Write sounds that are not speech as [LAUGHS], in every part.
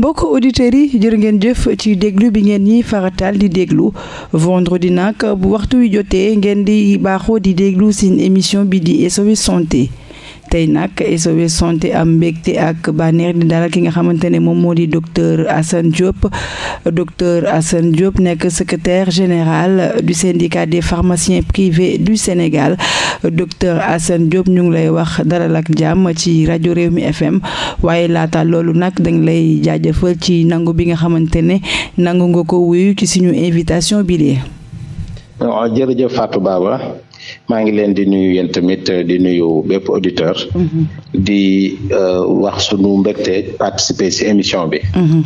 mbokk auditeurs yi jërë ngeen jëf ci déglu bi ngeen ñi faratal di déglu vendredi nag bu waxtu wi jotee ngeen di baaxoo di déglu seen émission bi di SOS santé tey nag SOS santé am mbégte ak bànneex di dalal ki nga xamante ne moom moo di docteur Assane Diop docteur Diop nekk secretaire général du syndicat des pharmaciens privés du Sénégal docteur Assane Diop ñu ngi lay wax dalal ak jàmm ci rajo mi FM waaye laata loolu nag dañ lay jaajëfal ci nangu bi nga xamante ne nangu nga ko wuyu ci suñu invitation bi lee maa ngi leen di nuyu yéen tamit euh, di nuyu bépp auditeur mm-hmm. di euh, wax sunu mbégte participer ci émission bi mm-hmm.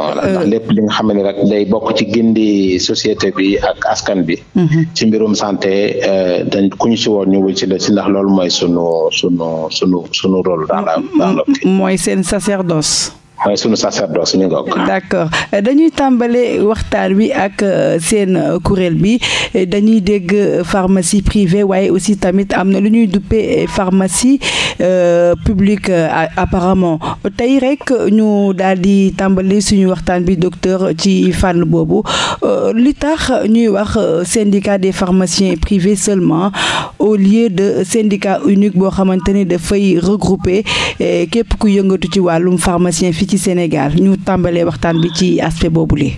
voilà euh, ndax lépp li nga xam ne rek day bokk ci gindi société bi ak askan bi. Mm-hmm. ci mbirum santé dañ ku ñu si si ndax loolu mooy sunu sunu sunu sunu rôle. seen sacerdoce. mooy sunu sacerdoce ñu ngoog. d'accord dañuy tàmbale waxtaan wi ak euh, seen euh, kuréel bi dañuy dégg euh, pharmacie privée waaye aussi tamit am na lu ñuy duppee pharmacie publique apparemment tey rek ñu daal di tàmbali suñu waxtaan bi docteur ci fànn boobu li tax ñuy wax syndicat des pharmaciens privés seulement au lieu de syndicat unique boo xamante ni dafay regrouper képp ku yëngatu ci wàllum pharmacien fii ci Sénégal ñu tàmbalee waxtaan bi ci aspect boobule.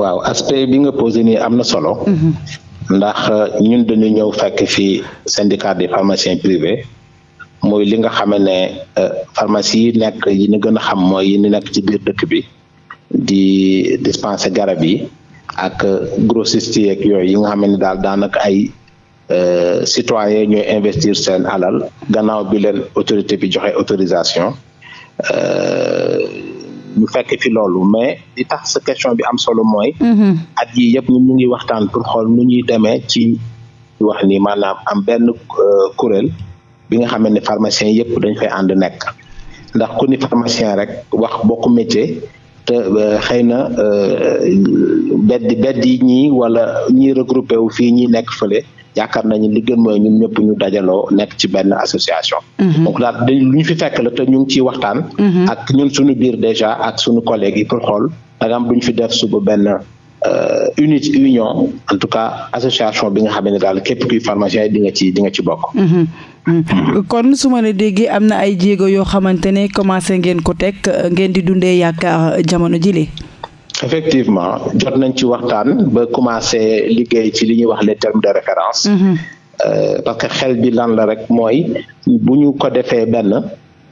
waaw aspect bi nga posé nii am na solo. Mhm. ndax ñun dañu ñëw fekk fii syndicat des pharmaciens privés mooy li nga xam ne euh, pharmacie yi nekk yi na gën a xam mooy yi ñu nekk ci biir dëkk bi di dispenser garab yi ak euh, grossiste yeeg yooyu yi nga xam ne daal daanaka ay euh, citoyen ñooy investir seen alal gannaaw bi leen autorité bi joxe autorisation. Euh, ñu fekk fi loolu mais li tax question bi am solo mooy. Mhm. at yi yëpp ñu ngi waxtaan pour xool nu ñuy demee ci wax ni maanaam am benn euh, kuréel bi nga xam ne pharmacien yëpp dañ fay ànd nekk ndax ku ni pharmacien rek wax bokku métier te euh, xëy na beddi beddi ñi wala ñii regrouper wu fii ñii nekk fële. yaakaar nañu li gën mooy ñun ñëpp ñu dajaloo nekk ci benn association. Mhm. donc daal dañ ñu fi fekk la te ñu ngi ciy waxtaan. Mhm. ak ñun suñu biir déjà ak suñu collègues yi pour xool par exemple bu ñu fi def suba benn. Euh, unité union en tout cas association bi nga xam ne daal képp kuy pharmacien di nga ci di nga ci bokk. Mhm. kon su ma la déggee am na ay jéego yoo xamante ne commencé ngeen ko teg ngeen di dundee yaakaar jamono jile. effectivement jot nañ ci waxtaan ba commencé liggéey ci li ñuy wax les termes de référence. Mm-hmm. Euh, parce que xel bi lan la rek mooy bu ñu ko defee benn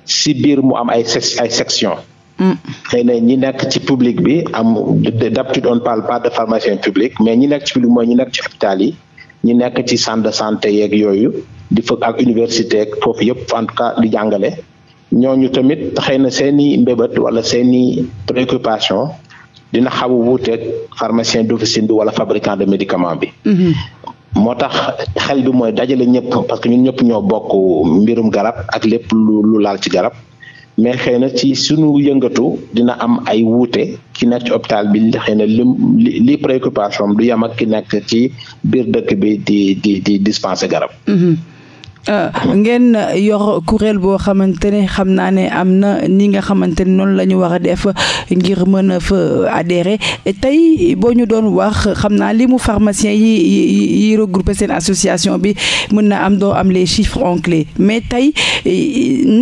si biir mu am ay ay section mm. xëy na ñi nekk ci public bi am d'habitude on parle pas de pharmacien public mais ñi nekk ci public mooy ñi nekk ci hôpital yi ñi nekk ci centre de santé yeeg yooyu di fa ak université foofu yëpp en di jàngale ñooñu tamit xëy na seeni i mbébét wala seeni i préoccupation dina xaw a wuuteeg pharmacien d'officine bi wala fabricant de médicament bi. Mhm. moo tax xel bi mooy dajale ñëpp parce que ñun ñëpp ñoo bokk mbirum garab ak lépp lu lu laal ci garab mais xëy na ci sunu yëngatu dina am ay wuute ki nekk ci hôpital bi xëy na lim li li préoccupation du yam ak ki nekk ci biir dëkk bi di di di dispenser garab. Mhm. Euh, ngeen yor kuréel boo xamante ne xam naa ne am na ni nga xamante ne noonu la ñu war a def ngir mën a fa adhérer tey boo ñu doon wax xam naa li mu pharmacien yi yi regroupé seen association bi mën na am doo am les chiffres en mais tey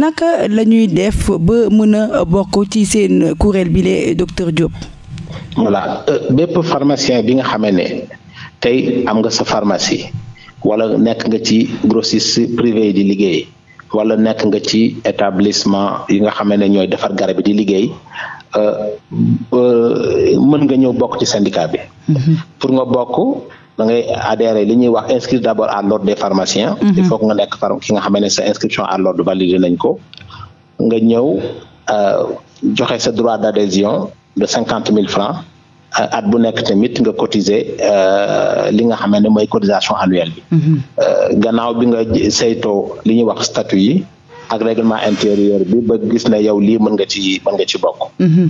naka la ñuy def ba mën a bokk ci seen kuréel bi le docteur Diop. voilà euh, bépp pharmacien bi nga xamee ne tey am nga sa pharmacie. wala nekk nga ci grossiste privé di liggéey wala nekk nga ci établissement yi nga xam ne ñooy defar garab yi di liggéey euh, euh, mën nga ñëw bokk ci syndicat bi. Mm-hmm. pour nga bokk da ngay adhérer li ñuy wax inscrire d'abord à l'ordre des pharmaciens. Mm-hmm. il faut que nga nekk ki nga xam ne sa inscription à l'ordre validé nañ ko nga ñëw euh, joxe sa droit d'adhésion de cinquante mille francs. at bu nekk tamit nga cotiser euh, li nga xam ne mooy cotisation annuelle bi. Mhm. Euh, gannaaw bi nga sayto li ñuy wax statut yi. ak règlement intérieur bi ba gis ne yow li mën nga ci mën nga ci bokk. Mhm.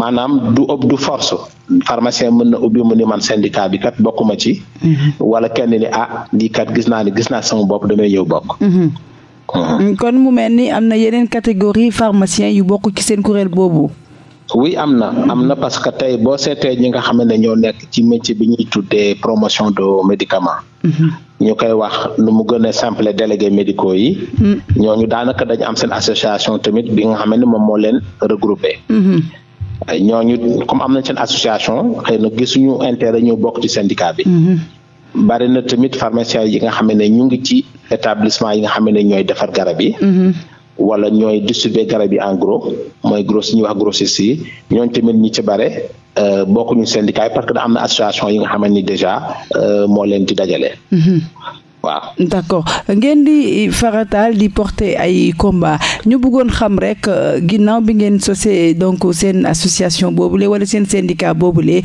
maanaam du ëpp du force. pharmacien mën na ubbi mu ni man syndicat bi kat bokkuma ci. Mhm. wala kenn ni ah lii gis naa ni gis naa sama bopp damay ñëw bokk. kon mu mel ni am na yeneen catégorie pharmacien yu bokk ci seen kuréel boobu. oui am na am na parce que tey boo seetee ñi nga xam ne ñoo nekk ci métier bi ñuy tuddee promotion de médicament mm-hmm. ñu koy wax nu mu gën a simple délégué médicaux yi ñoo mm-hmm. ñooñu daanaka dañu am seen association tamit bi nga xam ne moom moo leen regroupé mm-hmm. ñooñu comme am na seen association xëy na gisuñu intérêt ñu bokk ci syndicat bi bari na tamit pharmacien yi nga xam ne ñu ngi ci établissement yi nga xam ne ñooy defar garab yi wala ñooy distribuer garab yi en mooy gross ñuy wax grossistes ñooñ ñooñu tamit ñi ci bare euh, bokkuñu syndicat yi parce que da am na association yi nga xamante ni déjà euh, moo leen di dajale. Mm-hmm. waaw d'accord ngeen di farataal di porter ay combat ñu buggoon xam rek euh, ginnaaw bi ngeen sosé donc seen association boobu boobule wala seen syndicat boobule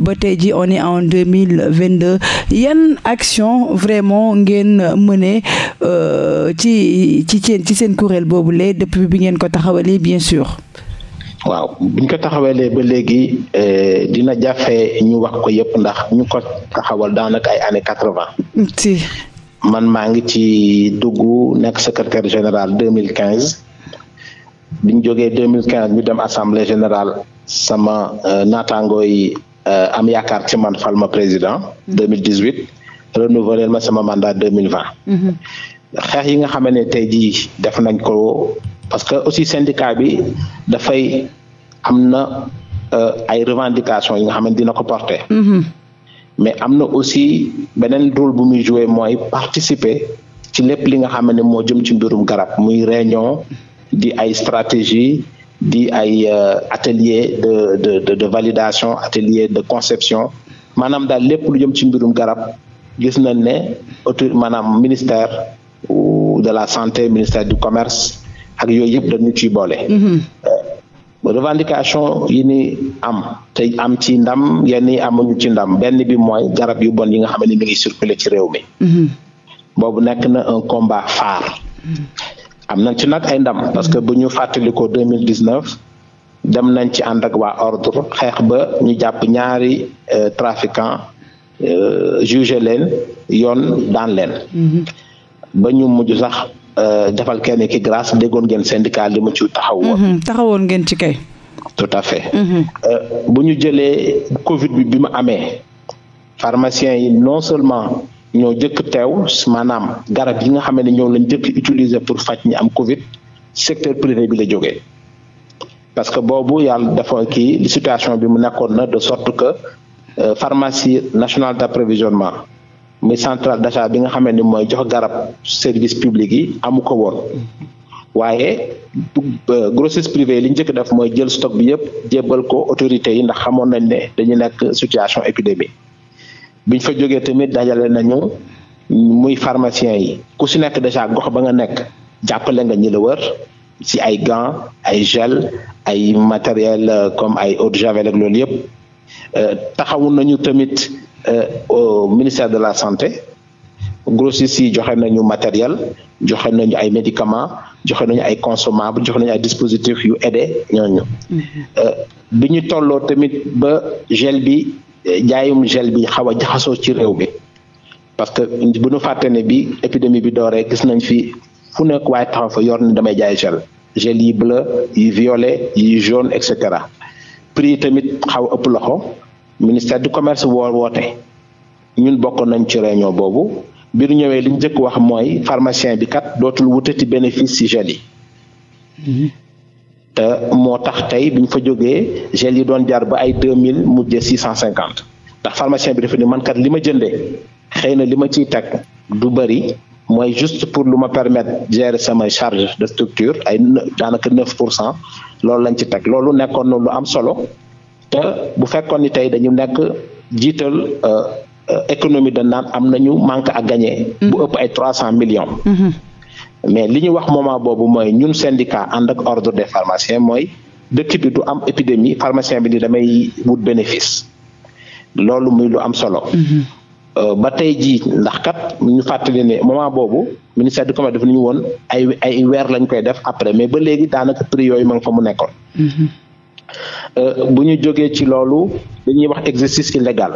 ba tey ji on est en deux mille vingt deux yan action vraiment ngeen mené euh, ci ci seen ci seen kuréel boobule depuis bi ngeen ko taxawalee bien sûr. waaw buñ ko taxawalee ba léegi euh, dina jafe ñu wax ko yëpp ndax ñu ko taxawal daanaka ay années quatre vingt. man maa ngi ci dugg nekk secrétaire général 2015 biñ jógee 2015 ñu dem assemblée générale sama euh, naataangoo yi euh, am yaakaar ci man fal ma président. 2018 renouveler ma sama mandat 2020. Mhm. xeex yi nga xam ne tey jii def nañ ko parce que aussi syndicat bi dafay am na euh, ay revendication yi nga xam dina ko porter. Mhm. mais am na aussi beneen rôle bu muy jouer mooy participer ci lépp li nga xam ne moo jëm ci mbirum garab muy réunion di ay stratégie di ay euh, atelier de de de, de validation atelier de conception maanaam daal lépp lu jëm ci mbirum garab gis nañ ne autorité maanaam ministère de la santé ministère du commerce ak yooyu yëpp dañu ciy boole. Mm-hmm. Euh, revendication yi ni am te am ci ndam yenn yi ci ndam benn bi mooy garab yu bon yi nga xam ne mi ngi circuler ci réew mi mhm. boobu nekk na un combat phare mhm. am nañ ci nag ay ndam parce que bu ñu fàttalikoo deux mille dix dem nañ ci ànd ak waa ordre xeex ba ñu jàpp ñaari euh, trafiquant euh, jugé leen yoon daan leen mhm. ba ñu mujj sax Euh, defal kenn ki grâce déggoon ngeen syndicat li mu ci taxawoon. Mhm. taxawoon ngeen ci kay. tout à fait. Mhm. Euh, bu ñu jëlee Covid bi bi mu amee pharmaciens yi non seulement ñoo jëkk teew maanaam garab yi nga xam ne ñoom lañ jëkk utiliser pour faj ñi am Covid secteur privé bi la jógee. parce que boobu yàlla dafa kii situation bi mu nekkoon na de sorte que euh, pharmacie nationale d'approvisionnement mi centrale d'achat bi nga xamante ni mooy jox garab service public yi amu ko woon waaye euh, grossiste privée li ñu njëkk def mooy jël stock bi yëpp jébbal ko autorité yi ndax xamoon nañ ne dañu nekk situation épidémie biñ fa jógee tamit dajale nañu muy pharmacien yi ku si nekk déjà gox ba nga nekk jàppale nga ñi la wër si ay gants ay gel ay matériel euh, comme ay eau de javel ak loolu yëpp euh, taxawu nañu tamit Euh, au ministère de la santé grossistes yi joxe nañu matériel joxe nañu ay médicaments joxe nañu ay consommables joxe nañu ay dispositifs yu aidé ñooñu mm-hmm. euh, bi ñu tolloo tamit ba gel bi jaayum gel bi xaw a jaxasoo ci réew bi parce que bu nu fàtte ne bi épidémie bi dooree gis nañ fi fu nekk waaye taxaw fa yor ni damay jaay gel gel yi bleu yi violet yi jaune et cetera prix tamit xaw ëpp loxo ministère du commerce woo woote ñun bokkoon nañ ci réunion boobu bi ñu ñëwee li ñu njëkk wax mooy pharmacien bi kat dootul wutati bénéfice ci gel yi te moo tax tey bi fa jógee gel yi doon jaar ba ay deux mille mujjee six cent cinquante ndax pharmacien bi dafa ni man kat li ma jëndee xëy na li ma ciy teg du bëri mooy juste pour lu ma permettre gérer sama charge de structure ay daanaka neuf pour cent loolu lañ ci teg loolu nekkoon na lu am solo. te bu fekkoon ni tey dañu nekk jiital euh, euh, économie de naat am nañu manque à gagner. Mm-hmm. bu ëpp ay trois cent millions. Mm-hmm. mais li ñu wax moment boobu mooy ñun syndicat ànd ak ordre des pharmaciens mooy dëkk bi du am épidémie pharmacien bi ni damay wut bénéfice loolu muy lu am solo. Mm-hmm. Euh, ba tey jii ndax kat ñu fàttali ne moment boobu ministère du commerce daf ñu woon ay ay weer lañ koy def après mais ba léegi daanaka prix yooyu ma nga fa mu nekkoon. Euh, bu ñu jogee ci loolu dañuy wax exercice illégal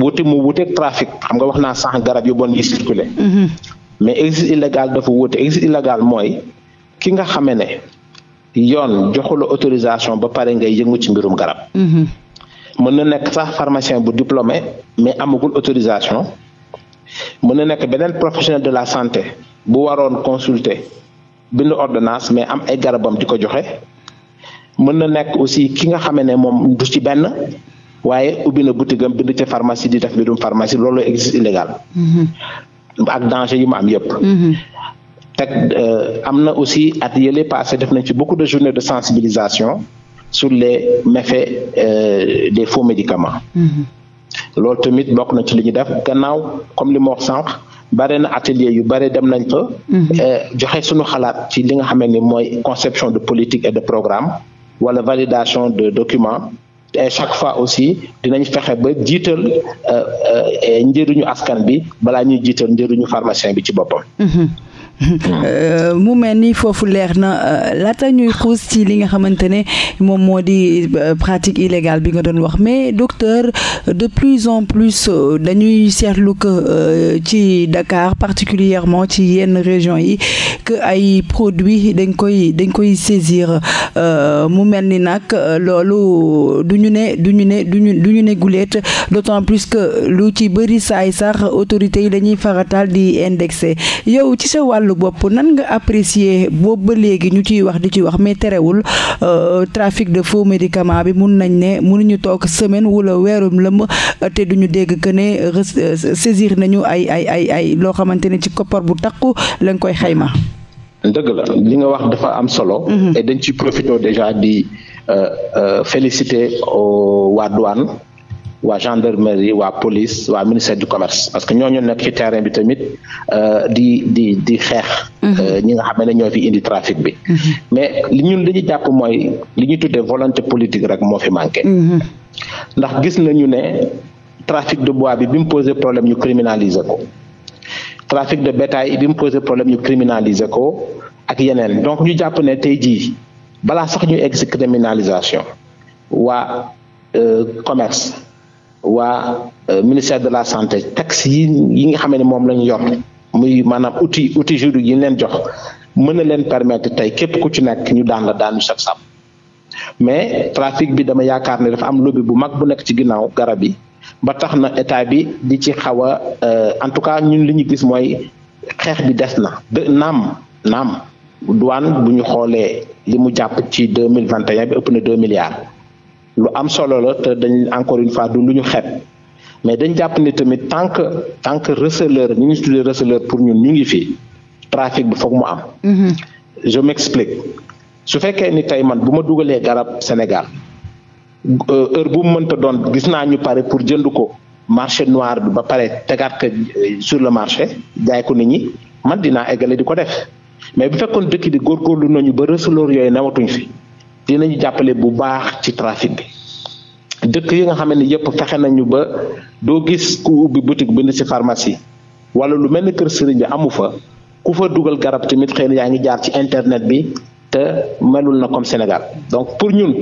wuute mu wuuteeg trafic xam nga wax naa sànq garab yu bon mhm. mais exercice illégal mooy ki nga xamee ne yoon joxula autorisation ba pare ngay yëngu ci mbirum garab mhm. mën na nekk sax pharmacien bu diplômé mais amagul autorisation mën na nekk beneen professionnel de la santé bu waroon consulter bind ordonnance mais am ay garabam di ko joxe mën na nekk aussi ki nga xamee ne moom du ci benn waaye ubbi na boutique am bind ca pharmacie di def mbirum pharmacie loolu existe illégal mhm. ak danger yi mu am yëpp mhm. euh, am na aussi at yële passé def nañ ci beaucoup de journées de sensibilisation sur les méfaits euh, des faux mhm. loolu tamit bokk na ci li ñu def gannaaw comme li ma wax sànq bare na atelier yu bare dem nañ fa euh, joxe suñu xalaat ci li nga xamee ni mooy conception de politique et de programme wala validation de documents et chaque fois aussi dinañ fexe ba jiital euh, euh, njëriñu askan bi balaa ñuy jiital njëriñu pharmacien bi ci boppam. Mm-hmm. Euh, mu mel ni foofu leer na euh, laata ñuy xuus ci li nga xamante ne moom moo di euh, pratique illégale bi nga doon wax mais docteur de plus en plus dañuy seetlu que ci Dakar particulièrement ci yenn région yi que ay produits dañ koy dañ koy saisir mu mel ni nag loolu du ñu ne du ñu ne duñu du ñu ne guleet d'autant plus que lu ci bëri saay sax autorités yi dañuy faratal di indexé yow ci sa wàll wàllu bopp nan nga apprécier boobu ba léegi ñu ciy wax di ci wax mais terewul euh, trafic de faux médicament bi mun nañ ne ñu toog semaine wula weeru lëm te du ñu dégg que ne saisir nañu ay ay ay ay loo xamante ne ci koppar bu takku lañ koy xayma. dëgg la li nga wax dafa am solo. Mhm. et dañ ci profité déjà di euh, euh, féliciter waa douane. waa gendarmerie waa police waa ministère du commerce parce que ñooñu nekk ci terrain bi tamit euh, di di di xeex. Mhm. Euh, ñi nga xam ne ñoo fi indi trafic bi. Mhm. mais li ñun li ñu jàpp mooy li ñu tuddee volonté politique rek moo fi manqué. Mhm. ndax gis na ñu ne trafic de bois bi bi mu posé problème ñu criminaliser ko. trafic de bétail bi mu posé problème ñu criminaliser ko ak yeneen donc ñu jàpp ne tey jii balaa sax ñu egg si criminalisation waa euh, commerce. waa euh, ministère de la santé taxe yi yi nga xam ne moom la ñu yor muy maanaam outil outil juridique yi leen jox mën na leen permettre tey képp ku ci nekk ñu daan la daan ñu sab sab mais trafic bi dama yaakaar ne dafa am lobby bu mag bu nekk ci ginnaaw garab yi ba tax na état bi di ci xaw a euh, en tout cas ñun li ñu gis mooy xeex bi des na de naam naam douane bu ñu xoolee li mu jàpp ci deux mille vingt et un bi ëpp na deux milliards. lu am solo la te dañ encore une fois du lu ñu xeeb mais dañ jàpp ne tamit tant que tant que ñu ngi tuddee receleur pour ñun ñu ngi fi trafic bi foog mu am. Mm-hmm. je m'explique su fekkee ni tey man bu ma dugalee garab Sénégal euh, heure bu mu mënta doon gis naa ñu pare pour jënd ko marché noir bi ba pare tegaat ko euh, sur le marché jaay ko nit ñi man dinaa eggale di ko def mais bu fekkoon dëkk di góorgóorlu ñu ba receleur yooyu newatuñ fi. ñu jàppale bu baax ci trafic bi dëkk yi nga xam ne yëpp fexe nañu ba doo gis ku ubbi boutique bind ci pharmacie wala lu mel ni kër sëriñ bi amu fa ku fa dugal garab tamit xëy yaa ngi jaar ci internet bi te melul na comme Sénégal donc pour ñun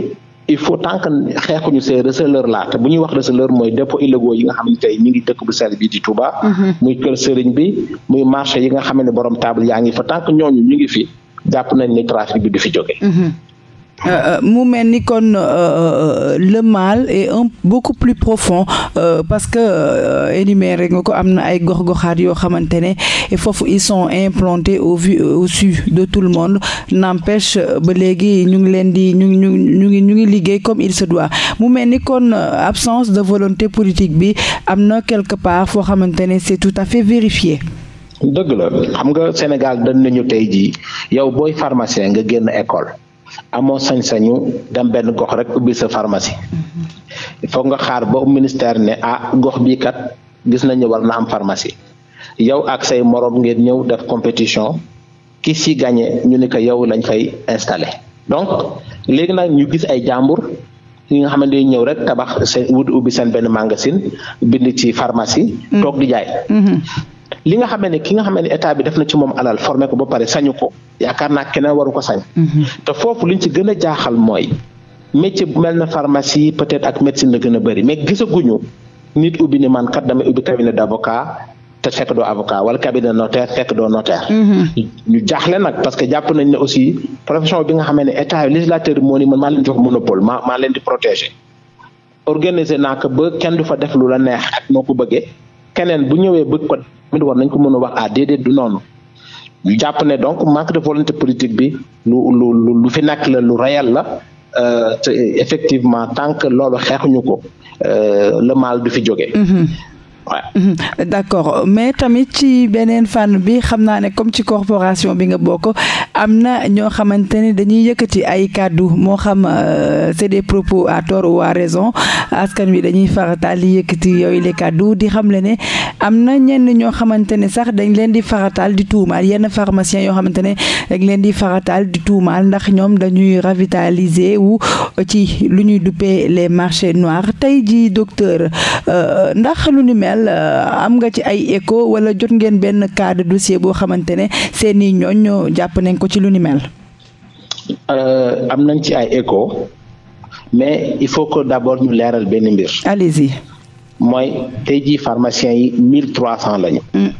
il faut tant que xeexuñu see receleur la te bu ñuy wax receleur mooy dépôt illégaux yi nga xam ne tey ñu ngi dëkk bu sell bi di Touba. Mm-hmm. muy kër sëriñ bi muy marché yi nga xam ne borom table yaa ngi fa tant que ñu ngi fi jàpp nañ ni trafic bi fi jóge mm-hmm. Euh, euh, mu mel ni kon euh, le mal et un beaucoup plus profond parce que énuméré nga ko am na ay gox-goxaat yoo xamante ne foofu ils sont implantés au au su de tout le monde n'empêche ba léegi ñu ngi leen di ñu ngi ñu ngi ñu ngi liggéey comme il se doit mu mel ni kon absence de volonté politique bi am na quelque part foo xamante ne c'est tout à fait vérifié. dëgg xam nga Sénégal dañ nañu tey jii yow booy pharmacien nga génn école. amoo sañ-sañu dem benn gox rek ubbi sa pharmacie il mm-hmm. faut nga xaar ba ministère ne ah gox bii kat gis nañu war na am pharmacie yow ak say moroom ngeen ñëw def compétition ki si gagné ñu ni ko yow lañ fay installé donc léegi nag ñu gis ay jàmbur yi nga xamante ni ñëw rek tabax seen wut ubbi seen benn magasin bind ci pharmacie. Mm-hmm. toog di jaay. Mm-hmm. li nga xamee ne ki nga xamee ne état bi def na ci moom alal formé ko ba pare sañu ko yaakaar naa keneen waru ko sañ. Mhm. te foofu liñ ci gën jaaxal mooy métier bu mel na pharmacie peut-être ak médecine la gën a bëri mais gisaguñu nit ubbi ni man kat damay ubbi cabinet d'avocat te fekk doo avocat wala cabinet notaire fekk doo notaire. Mhm. ñu jaaxle nag parce que jàpp nañ ne aussi profession bi nga xamee ne état législateur moo ni man maa leen jox monopole maa maa leen di protéger. organiser naa ko ba kenn du fa def lu la neex moo ko bëggee keneen bu ñëwee bëgg ko tamit war nañ ko mën a wax a ah, déedéet du noonu ñu jàpp ne donc manque de volonté politique bi lu lu lu fi nekk la lu réel la euh, te effectivement tant que loolu xeexuñu ko euh, le mal du fi jóge mm-hmm. ouais. d' accord mais tamit ci beneen fànn bi xam naa ne comme ci corporation bi nga bokk am na ñoo xamante ne dañuy yëkkati ay kàddu moo xam euh, c' est des propos à tort ou à raison askan wi dañuy farataal di yëkkati yooyu les kàddu di xam le ne am na ñenn ñoo xamante ne sax dañ leen di farataal di tuumaal yenn pharmacien yoo xamante ne dañ leen di farataal di tuumaal ndax ñoom dañuy revitaliser wu ci lu ñuy duppee les marché noir tey ji docteur euh, ndax lu ni mel Sénégal euh, am nga ci ay éco wala jot ngeen benn cas de dossier boo xamante ne seen i ñooñ jàpp nañ ko ci lu ni mel. Euh, am nañ ci ay éco mais il faut que d'abord ñu leeral benn mbir. allez-y. mooy tey jii pharmaciens yi mille trois cent lañu. Mm.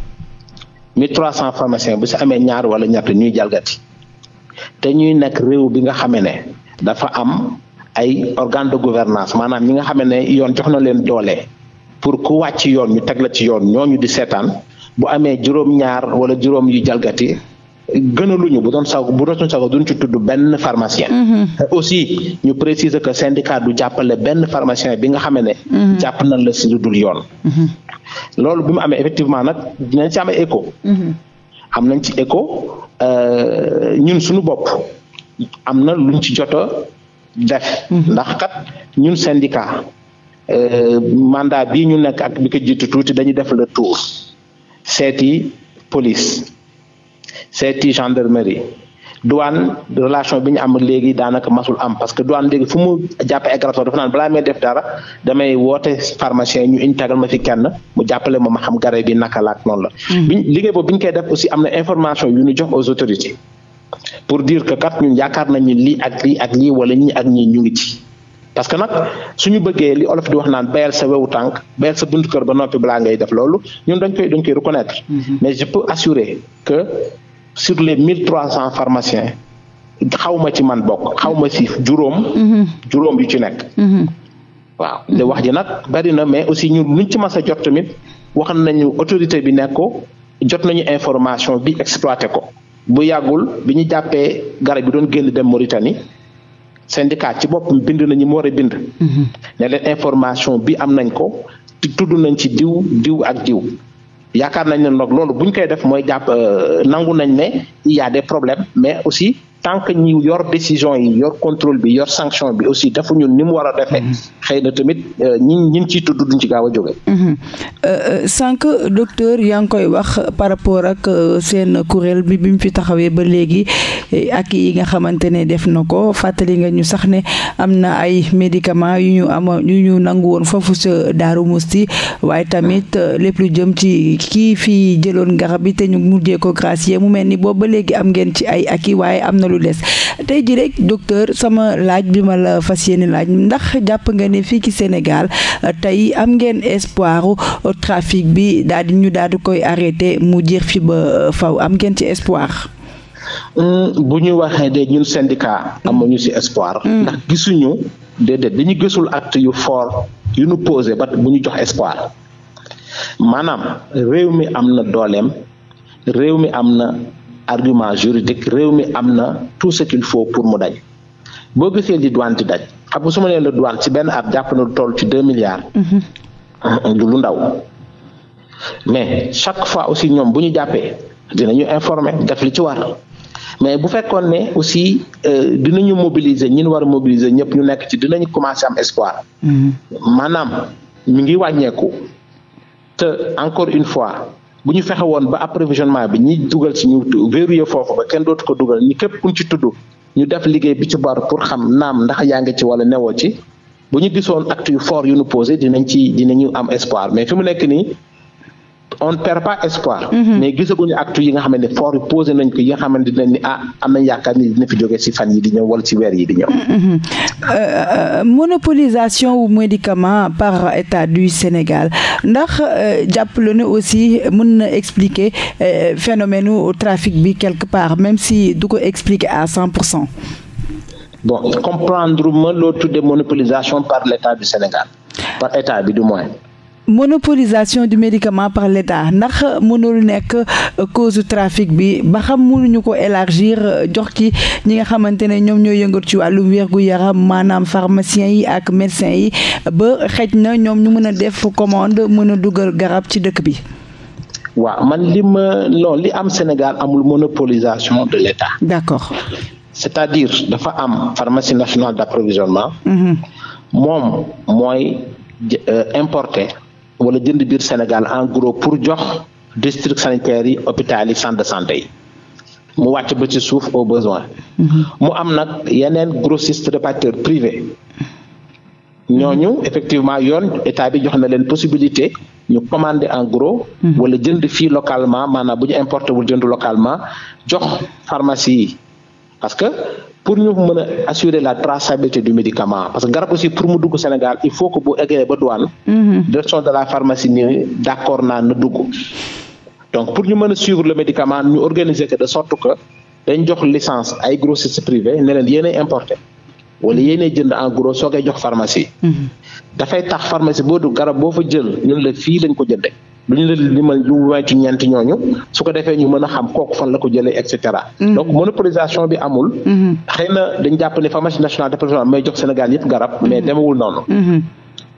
mille trois cent pharmaciens bu si amee ñaar wala ñett ñuy jalgati te ñuy nekk réew bi nga xamee ne dafa am ay organe de gouvernance maanaam ñi nga xamee ne yoon jox na leen doole pour ku wàcc yoon ñu teg la ci yoon ñooñu di seetaan bu amee juróom-ñaar wala juróom yu jalgati gënaluñu bu doon sago bu doon sago duñ ci tudd benn pharmacien. Mhm. aussi ñu préciser ko syndicat du jàppale benn pharmacien bi nga xam ne. Mhm. jàpp nañ la si dul yoon. Mhm. loolu bi mu amee effectivement nag dinañ ci am écho. am nañ ci écho euh, ñun suñu bopp am na luñ ci jot a def. ndax kat ñun syndicat. Euh, mandat bi ñu nekk ak bi ko jiitu tuuti dañuy def le tour seeti police seeti gendarmerie douane relation bi ñu am léegi daanaka masul am parce que douane léegi fu mu jàppee ay garab sax balaa may def dara damay woote pharmacien ñu intagal ma fi kenn mu jàppale ma ma xam garab bi naka laak noonu la. Hmm. biñ liggéey boobu bi ñu koy def aussi am na information yu ñu jox aux pour dire que kat ñun yaakaar nañu lii ak lii ak lii wala ñii ak ñii ñu ngi ci. parce que nag suñu bëggee li olof di wax naan bayal sa wewu tànk bayal sa buntu kër ba noppi balaa ngay def loolu ñun dañ koy dañ koy reconnaître mm-hmm. mais je peux assurer que sur les mille trois cent pharmaciens xaw ma ci man bokk xaw ma si juróom mm-hmm. juróom yu ci nekk mm-hmm. waaw te wax ji nag bari na mais aussi ñun luñ ci mas a jot tamit wax nañu autorité bi nekk jot nañu information bi exploité ko bu yàggul bi ñu jàppee garab bi doon génn dem Mauritanie syndicat ci bopp bind na ñi mu a bind. Mhm. ne information bi am nañ ko tudd nañ ci diw diw ak diw. yaakaar nañ ne nag loolu buñ koy def mooy jàpp euh, nangu nañ ne il y a des problèmes mais aussi. tant que ñi yor décision yi yor contrôle bi yor sanction bi aussi defuñu ni mu war a defee. Mm-hmm. xëy na tamit euh, ñi ñi ciy tudd duñ ci gaaw a jóge. Mm-hmm. Euh, euh, sànq docteur yaa ngi koy wax par rapport ak seen kuréel bi bi mu fi taxawee ba léegi eh, ak yi nga xamante ne def na ko fàttali nga ñu sax ne am na ay médicament yu ñu am yu ñu nangu woon foofu sa Daaru Musti waaye tamit lépp lu jëm ci kii fii jëloon garab bi te ñu mujjee ko gracier mu mel ni boobu ba léegi am ngeen ci ay ak yi lu tey ji rek docteur sama laaj bi ma la fas yéene laaj ndax jàpp nga ne fii ci Sénégal euh, tey am ngeen espoir euh, trafic bi daal di ñu daal di koy arrêté mu jeex fi ba euh, faw am ngeen ci espoir. Hmm, bu ñu waxee de ñun syndicat amuñu ci espoir. Hmm. ndax gisuñu déedéet dañu gisul acte yu fort yu nu posé ba bu ñu jox espoir maanaam réew mi am na dooleem réew mi am na. argument juridique réew mi am na tout ce qu'il pour mu daj boo gisee di douane di daj xam nga su ma leen la douane ci benn ab jàpp na lu toll ci deux milliards. Mhm. [LAUGHS] du lu ndaw. mais chaque fois aussi ñoom bu ñu jàppee dina ñu informé def li ci war mais bu fekkoon ne aussi euh, dinañu mobiliser ñin war a mobiliser ñëpp ñu nekk ci dinañu commencer am espoir. Mhm. maanaam mi ngi wàññeeku te encore une fois. bu ñu fexe woon ba approvisionnement bi ñi dugal ci ñu verrouillé foofu ba kenn dootu ko dugal ñi képp kuñ ci tudd ñu def liggéey bi ci bar pour xam naam ndax yaa ngi ci wala newoo ci bu ñu gisoon acte yu fort yu nu posé dinañ ci dinañu am espoir mais fi mu nekk nii on ne perd pas espoir. Mhm. mais gisaguñu actes yi nga xam ne fort yi posé ko yi nga xam ne ni ah am nañ yaakaar ni dina fi jógee ci fan yi di ñëw wala ci weer yi di ñëw. Mhm. Euh, euh, monopolisation wu médicament par état du Sénégal ndax euh, jàpp la ne aussi mën na expliquer phénomène trafic bi quelque part même si du ko expliquer à cent pour cent. bon comprendre ma loo tuddee monopolisation par l' du Sénégal par état bi du moins. monopolisation du médicament par l'État ndax mënul nekk euh, cause trafic bi ba xam munuñu ko élargir euh, jox ci ñi nga xamante ne ñoom ñoo yëngatu ci wàllu wérgu yaram maanaam pharmacien yi ak médecin yi ba xëj na ñoom ñu mën a def commande mën a dugal garab ci dëkk bi waaw man li ma loolu li am Sénégal amul monopolisation de l'État d'accord c'est-à-dire dafa am pharmacie nationale d'approvisionnement mm-hmm. moom mooy euh, importer wala jënd biir Sénégal en gros pour jox district sanitaire yi hôpital yi centre de santé yi mu wàcc ba ci suuf au besoin mm-hmm. mu am nag yeneen grossiste répartiteur privé mm-hmm. ñooñu effectivement yoon état bi jox na leen possibilité ñu commander en gros mm-hmm. wala jënd fii localement maanaam bu ñu importé wul jënd localement jox pharmacie yi parce que pour ñu mën a assurer la traçabilité du médicament parce que garab aussi pour mu dugg Sénégal il faut que bu eggee ba douane. direction mhm. de la pharmacie ni d' accord naa na dugg. donc pour ñu mën a suivre le médicament ñu organiser que de sorte que dañ jox licence ay grossistes privés ne leen yéenay importé wala mhm. yéenay jënd en gros soo koy jox pharmacie. Mhm. dafay tax pharmacie boo dugg garab boo fa jël ñun la fii lañ ko jëndee. lu ñu la limal lu may ci ñeenti ñooñu su ko defee ñu mën a xam kooku fan la ko jëlee et cetera. Mm-hmm. donc monopolisation bi amul. Mm-hmm. xëy na dañ jàpp ne pharmacie nationale départementale may jox Sénégal yëpp garab mais mm-hmm. demewul noonu.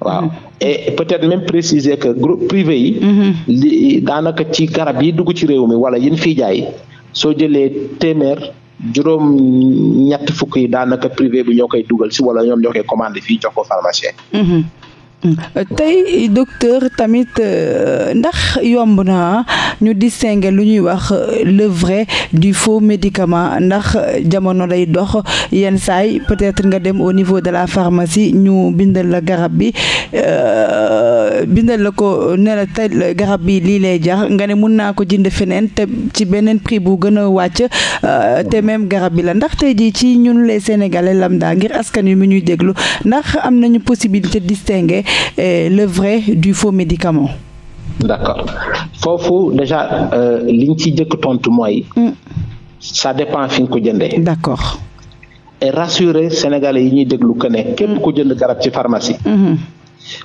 waaw mmh. et peut-être même préciser que groupe privé yi. daanaka ci garab yi dugg ci réew mi wala yéen fii jaay soo jëlee téeméer juróom ñett fukk yi daanaka privé bi ñoo koy dugal si wala ñoom ñoo koy commandé fii jox pharmacien. tey docteur tamit euh, ndax yomb na ñu distinguer lu ñuy wax euh, le vrai du faut médicament ndax jamono lay dox yenn saay peut-être nga dem au niveau de la pharmacie ñu bindal la garab bi euh, bindal la ko ne la tel garab lii lay jar nga ne mun naa ko jind feneen te ci beneen prix bu gën a wàcc te même garab bi la ndax tey jii ci ñun les sénégalais lambda ngir askan wi mu ñuy déglu ndax am nañu possibilité distinguer Euh, le vrai du faux médicament. d'accord foofu déjà euh, li ñu ci jëkk tontu mooy. Mm. ça dépend fi nga ko jëndee. d'accord. et rassurer sénégalais yi ñuy déglu que ne képp ku jënd garab ci pharmacie. Mm-hmm.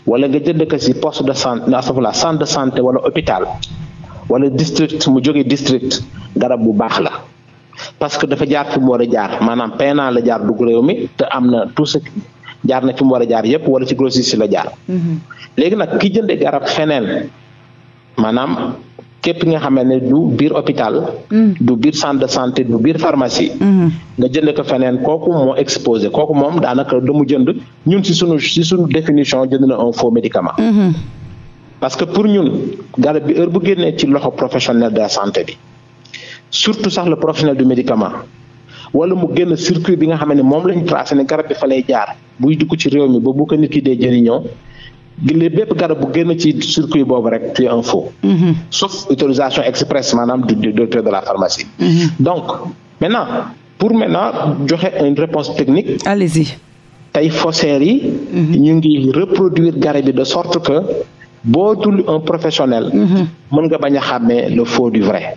wala nga jënd ko ci poste de santé asafala centre de santé wala hôpital wala district mu jogee district garab bu baax la parce que dafa jaar fi mu war a jaar maanaam paiement la jaar dugg réew mi te am na tout ce jaar na fi mu war a jaar yëpp wala ci grossiste la jaar. Mhm. léegi nag ki jënde garab feneen maanaam képp nga xam ne du biir hôpital. Mhm. du biir centre de santé du biir pharmacie. Mhm. nga jënd ko feneen kooku exposé kooku moom daanaka du mu jënd ñun si sunu si sunu définition jënd na un foo médicament. parce que pour ñun garab bi heure bu génnee ci loxo professionnel de la santé bi surtout sax la professionnel du médicament wala mu génn circuit bi nga xam ne moom lañ tracé ne garab bi jaar. buy dugg ci réew mi ba bu ko nit ki dee jëriñoo gile bépp garab bu génn ci circuit boobu rek tu es un faux. Mm-hmm. sauf autorisation express maanaam du docteur de la pharmacie. Mm-hmm. donc maintenant pour maintenant joxe une réponse technique. allez-y. tey faussaires mm-hmm. ñu ngi reproduire garab yi de sorte que boo dul un professionnel. mën nga bañ a xàmmee le faux du vrai.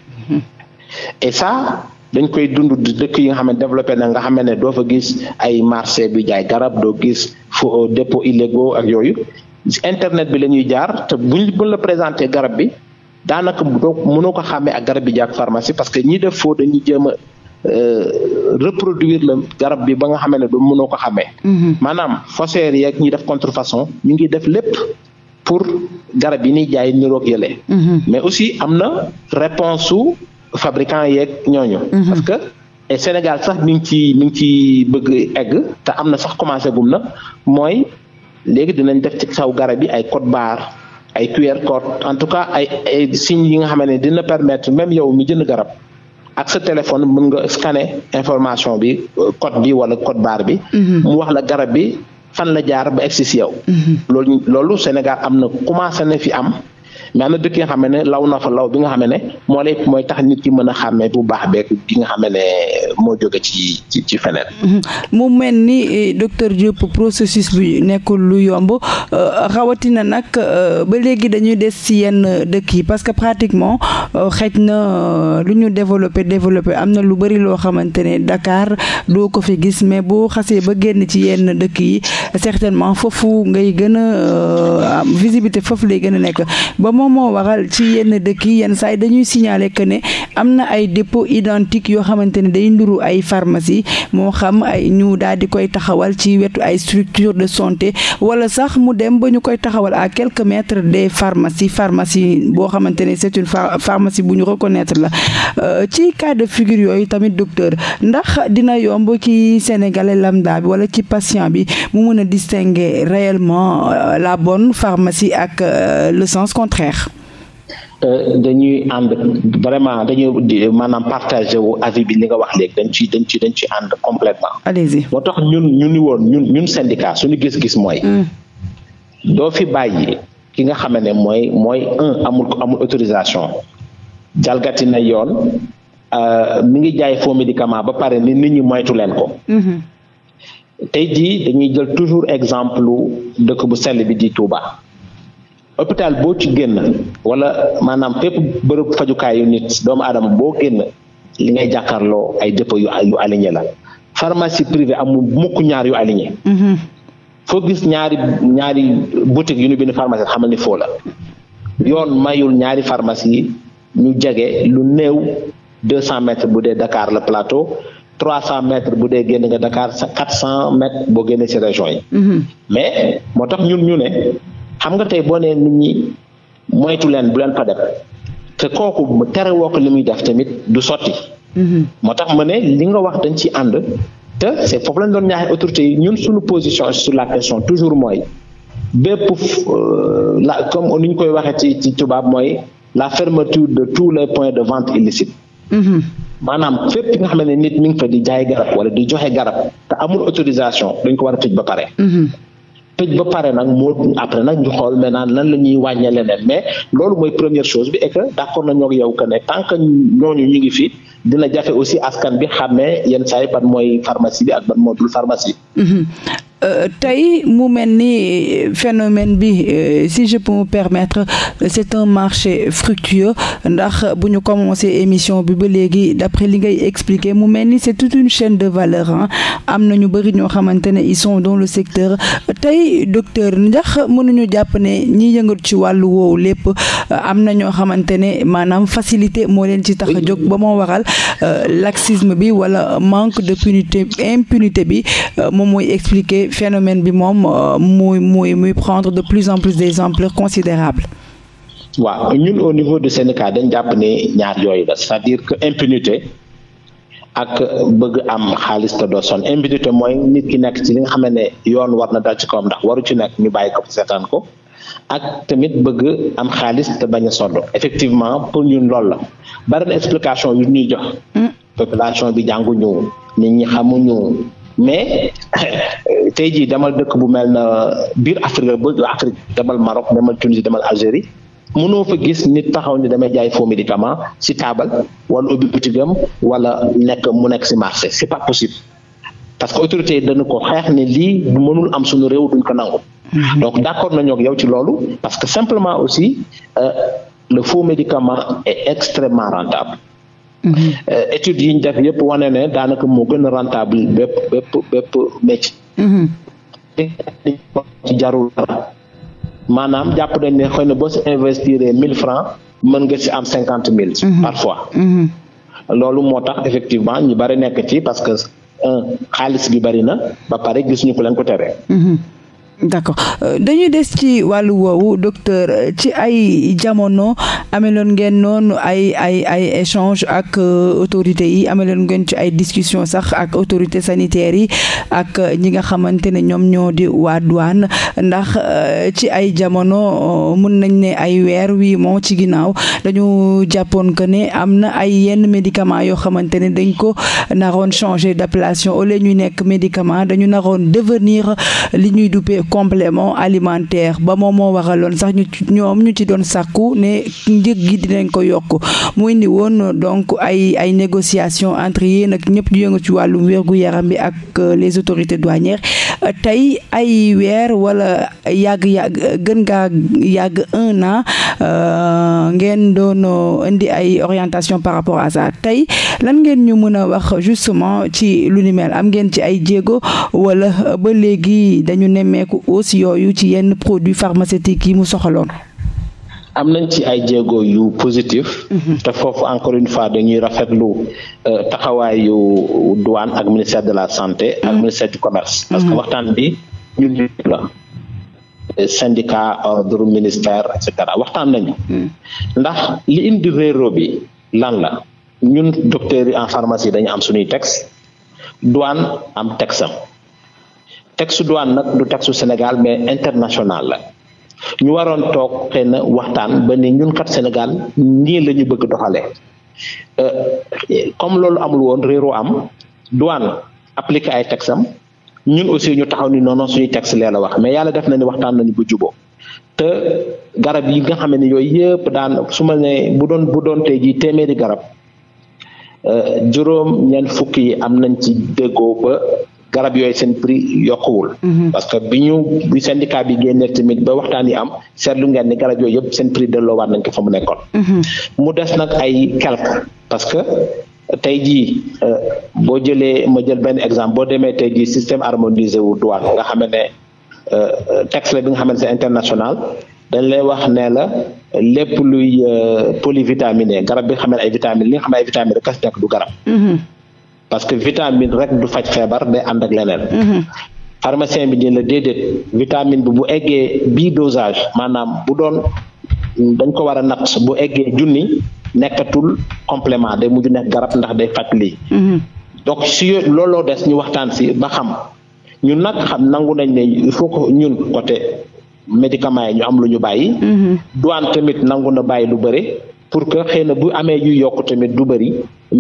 et ça dañ koy dund dëkk yi nga xam ne développé na nga xam ne doo fa gis ay marché bi jaay garab doo gis fo euh, dépôt illégaux ak yooyu internet bi la ñuy jaar te buñ buñ la présenté garab bi daanaka doo mënoo ko xàmmee ak garab bi jaak pharmacie parce que ñi def foo dañuy jéem a euh, reproduire la garab bi ba nga xam ne du mënoo ko xàmmee. Mm-hmm. maanaam faussaires yeeg ñi def contrefaçon ñu ngi def lépp. pour garab yi ni jaay niroog yële mm-hmm. mais aussi am na réponse su fabricant yeeg ñooñu. Mhm. parce que et Sénégal sax mi ngi ci mi ngi ci bëgg egg te am na sax commencé gum na mooy léegi dinañ def ci saw garab yi ay code barre ay QR code en tout cas ay ay signes yi nga xam ne dina permettre même yow mi jënd garab ak sa téléphone mën nga kane information bi euh, code bi wala code barre bi. Mhm. mu wax la garab bi fan la jaar ba egg si yow. Mhm. loolu Sénégal am na commencé na fi am. mais am na dëkk yoo xam ne law na fa law bi nga xam ne moo lay mooy tax nit ki mën a xàmmee bu baax beeg bi nga xam ne moo jóge ci feneen. Mm-hmm. mu mel ni eh, docteur Diop processus bi nekkul lu yomb euh, rawatina nag euh, ba léegi dañuy des ci yenn dëkk yi parce que pratiquement euh, xëj na lu ñu développé développé am na lu bari loo xamante ne Dakar doo ko fi gis mais boo xasee ba génn ci yenn dëkk yi certainement foofu ngay gën a visibilité foofu lay gën a nekk. ba moom moo waral ci yenn dëkk yi yenn saa yi dañuy signaler que ne am na ay dépôt identique yoo xamante ne day ndiru ay pharmacie moo xam ay ñu daal di koy taxawal ci wetu ay structure de santé wala sax mu dem ba ñu koy taxawal à quelques mètres des pharmacies pharmacie boo xamante ne c'est une pharmacie bu ñu reconnaître la euh, ci cas de figure yooyu tamit docteur ndax dina yomb ci sénégalais lambda bi wala ci patient bi mu mën a distinguer réellement euh, la bonne pharmacie ak euh, le sens contraire contraire euh, dañuy ànd vraiment dañuy maanaam partagé wu avis bi li nga wax léegi dañ ci dañ ci dañ ci ànd complètement allez moo tax ñun ñu ni woon ñun ñun syndicat suñu gis-gis mooy hmm. doo fi bàyyi ki nga xam ne mooy mooy un amul amul autorisation jalgati na yoon euh, mu ngi jaay faux médicament ba pare ni ni ñi moytu leen ko hmm. tey jii dañuy jël toujours exemple dëkk bu sell bi di Touba hôpital boo ci génn wala maanaam fépp bërëb fajukaayu nit doomu aadama boo génn li ngay jàkkaarloo ay dépôt yu yu aligné la pharmacie privée amul mukk ñaar yu aligné mm-hmm. foo gis ñaari ñaari boutique yu ñu bind pharmacie xamal ni foo yoon mayul ñaari pharmacie yi ñu jege lu néew deux cent mètres bu dee Dakar la plateau trois cent mètres bu dee génn nga Dakar sa quatre cent boo génnee ci région yi mm-hmm. mais moo tax ñun ñu xam nga tey boo nee nit ñi moytu leen bu leen ko def te kooku tere woo ko li muy def tamit du sotti. Mhm. moo tax ma ne li nga wax dañ ci ànd. te c'est foofu lañ doon ñaaxee autorités yi ñun suñu position sur la question toujours mooy bépp euh, la comme ni ñu koy waxee ci ci tubaab mooy la fermeture de tous les points de vente illicites. Mhm. maanaam fépp nga xam ne nit mi ngi fa di jaay garab wala di joxe garab te amul autorisation dañ ko war a tëj ba pare. Mhm. tëj ba pare nag moo après nag ñu xool naan nan la ñuy wàññee leneen mais loolu mooy première chose bi et que d'accord nañoo ak yow que ne tant que ñooñu ñu ngi fi dina jafe aussi askan bi xàmmee yenn saa yi ban mooy pharmacie bi ak ban moo dul pharmacie. Mm-hmm. Euh, tey mu mel ni euh, phénomène bi euh, si je peux me permettre c'est un marché fructueux ndax bu ñu commencé émission bi ba léegi d'après li ngay expliquer mu mel ni c'est toute une chaîne de valeur ah am na ñu bëri ñoo xamante ne ils sont dans le secteur tey docteur ndax mënuñu jàpp ne ñi yëngatu ci wàllu woowu lépp am na ñoo xamante ne maanaam facilité moo leen ci tax jóg ba moo waral laxisme bi wala manque de punité impunité bi moom mooy expliquer phénomène bi moom euh, muy muy muy prendre de plus en plus des ampleurs considérables waaw ñun au niveau de syndicat dañ jàpp ne ñaar yooyu la c'est-à-dire que impunité ak bëgg am xaalis te doo sonn impunité mooy nit ki nekk ci li nga xam ne yoon war na dal ci kawam ndax waru ci nekk ñu bàyyi ko seetaan ko ak tamit bëgg am xaalis te bañ a sonn effectivement pour ñun lool la bari explication yu ñuy jox mm. population bi jànguñu nit ñi xamuñu mais [LAUGHS] tey jii demal dëkk bu mel na biir Afrique ba Afrique demal Maroc demal Tunisie demal Algérie mënoo fa gis nit taxaw ni damay jaay faux médicament ci taabal wala ubbi boutique am wala nekk mu nekk ci marché c'est pas possible parce que autorité yi dañu ko xeex ne lii bu mënul am suñu réew duñ ko nangu. Mm-hmm. donc d'accord nañoo ak yow ci loolu parce que simplement aussi euh, le faux médicament est extrêmement rentable. Euh, études yi ñu def yëpp wane ne daanaka moo gën a rentable bépp bépp bépp mhm. jarul maanaam jàpp dañ ne xëy na boo si mille francs mën nga si am cinquante mille. Mhm. parfois. Mhm. loolu moo tax effectivement ñu bari nekk ci parce que xaalis bi bari na ba pare gisuñu ko leen ko tere. d'accord euh, dañuy des ci wàllu woowu docteur ci ay jamono ameloon ngeen noonu ay ay ay échange ak euh, autorités yi ameloon ngeen ci ay discussion sax ak autorité sanitaires yi ak ñi nga xamante ne ñoom ñoo di waa douane ndax euh, ci ay jamono mun nañ ne ay weer wii moo ci ginnaaw dañu jàppoon que ne am na ay yenn médicament yoo xamante ne dañ ko naroon changer d'appellation au lieu ñuy nekk médicament dañu naroon devenir li ñuy duppee complément alimentaire ba moom moo waraloon sax ñu ñoom ñu ci doon sàkku ne njëg gi dinañ ko yokk mu indi woon donc ay ay négociation entre yéen ak ñëpp ñu yëngu ci wàllum wérgu yaram bi ak euh, les autorités douanières euh, tey ay weer wala yàgg-yàgg gën ngaa yàgg un an euh, ngeen doon indi ay orientation par rapport à ça tey lan ngeen ñu mën a wax justement ci lu ni am ngeen ci ay jéego wala ba léegi dañu nemmeeku hausse yooyu ci yenn produits pharmaceutiques yi mu soxaloon. am nañ ci ay jéego yu positif. Mhm. te foofu encore une fois dañuy rafetlu euh, taxawaayu douane ak ministère de la santé. ak mhm. ministère du commerce. parce que mhm. waxtaan bi ñun la. syndicat ordre ministère waxtaan nañu. ndax li indi réeróo bi lan la ñun docteurs yi en pharmacie dañu am suñuy texte douane am texte am taxe douane nag du taxe Sénégal mais international la ñu waroon toog xëy na waxtaan ba ni ñun kat Sénégal nii la ñu bëgg doxalee euh, comme loolu amul woon réeroo am douane appliqué ay taxes am ñun aussi ñu taxaw ni noonu suñuy taxes lee la wax mais yàlla def na ni waxtaan nañu bu juboo te garab yi nga xam ne yooyu yëpp daan su ma nee bu doon bu doon tey jii téeméeri garab euh, juróom ñeent fukk yi am nañ ci déggoo ba. garab yooyu seen prix yokkuwul. Mhm. parce que bi ñu bi syndicat bi génnee tamit ba waxtaan yi am seetlu ngeen ni garab yooyu yëpp seen prix delloowaat nañ ko fa mu nekkoon. Mhm. mu des nag ay quelque parce que tey jii euh, boo jëlee ma jël benn exemple boo demee tey ji système harmonisé wu douane nga xam ne euh, texte la bi nga xamante ne international dañ lay wax ne la lépp luy euh, polyvitaminé garab bi nga xam ne ay vitamines li nga ay vitamines rek a nekk du garab. Mhm. parce que vitamine rek du faj feebar day ànd ak leneen. Mhm. pharmacien bi dina la déedéet vitamine bi bu eggee bii dosage maanaam bu doon dañ ko war a natt bu eggee junni nekkatul complément day mujj nekk garab ndax day faj li mhm. donc si looloo des ñu waxtaan si ba xam ñun nag xam nangu nañ ne il faut que ñun côté médicament yi ñu am lu ñu bàyyi. Mhm. douane tamit nangu na bàyyi lu bëri. pour que xëy na bu amee yu yokk tamit du bëri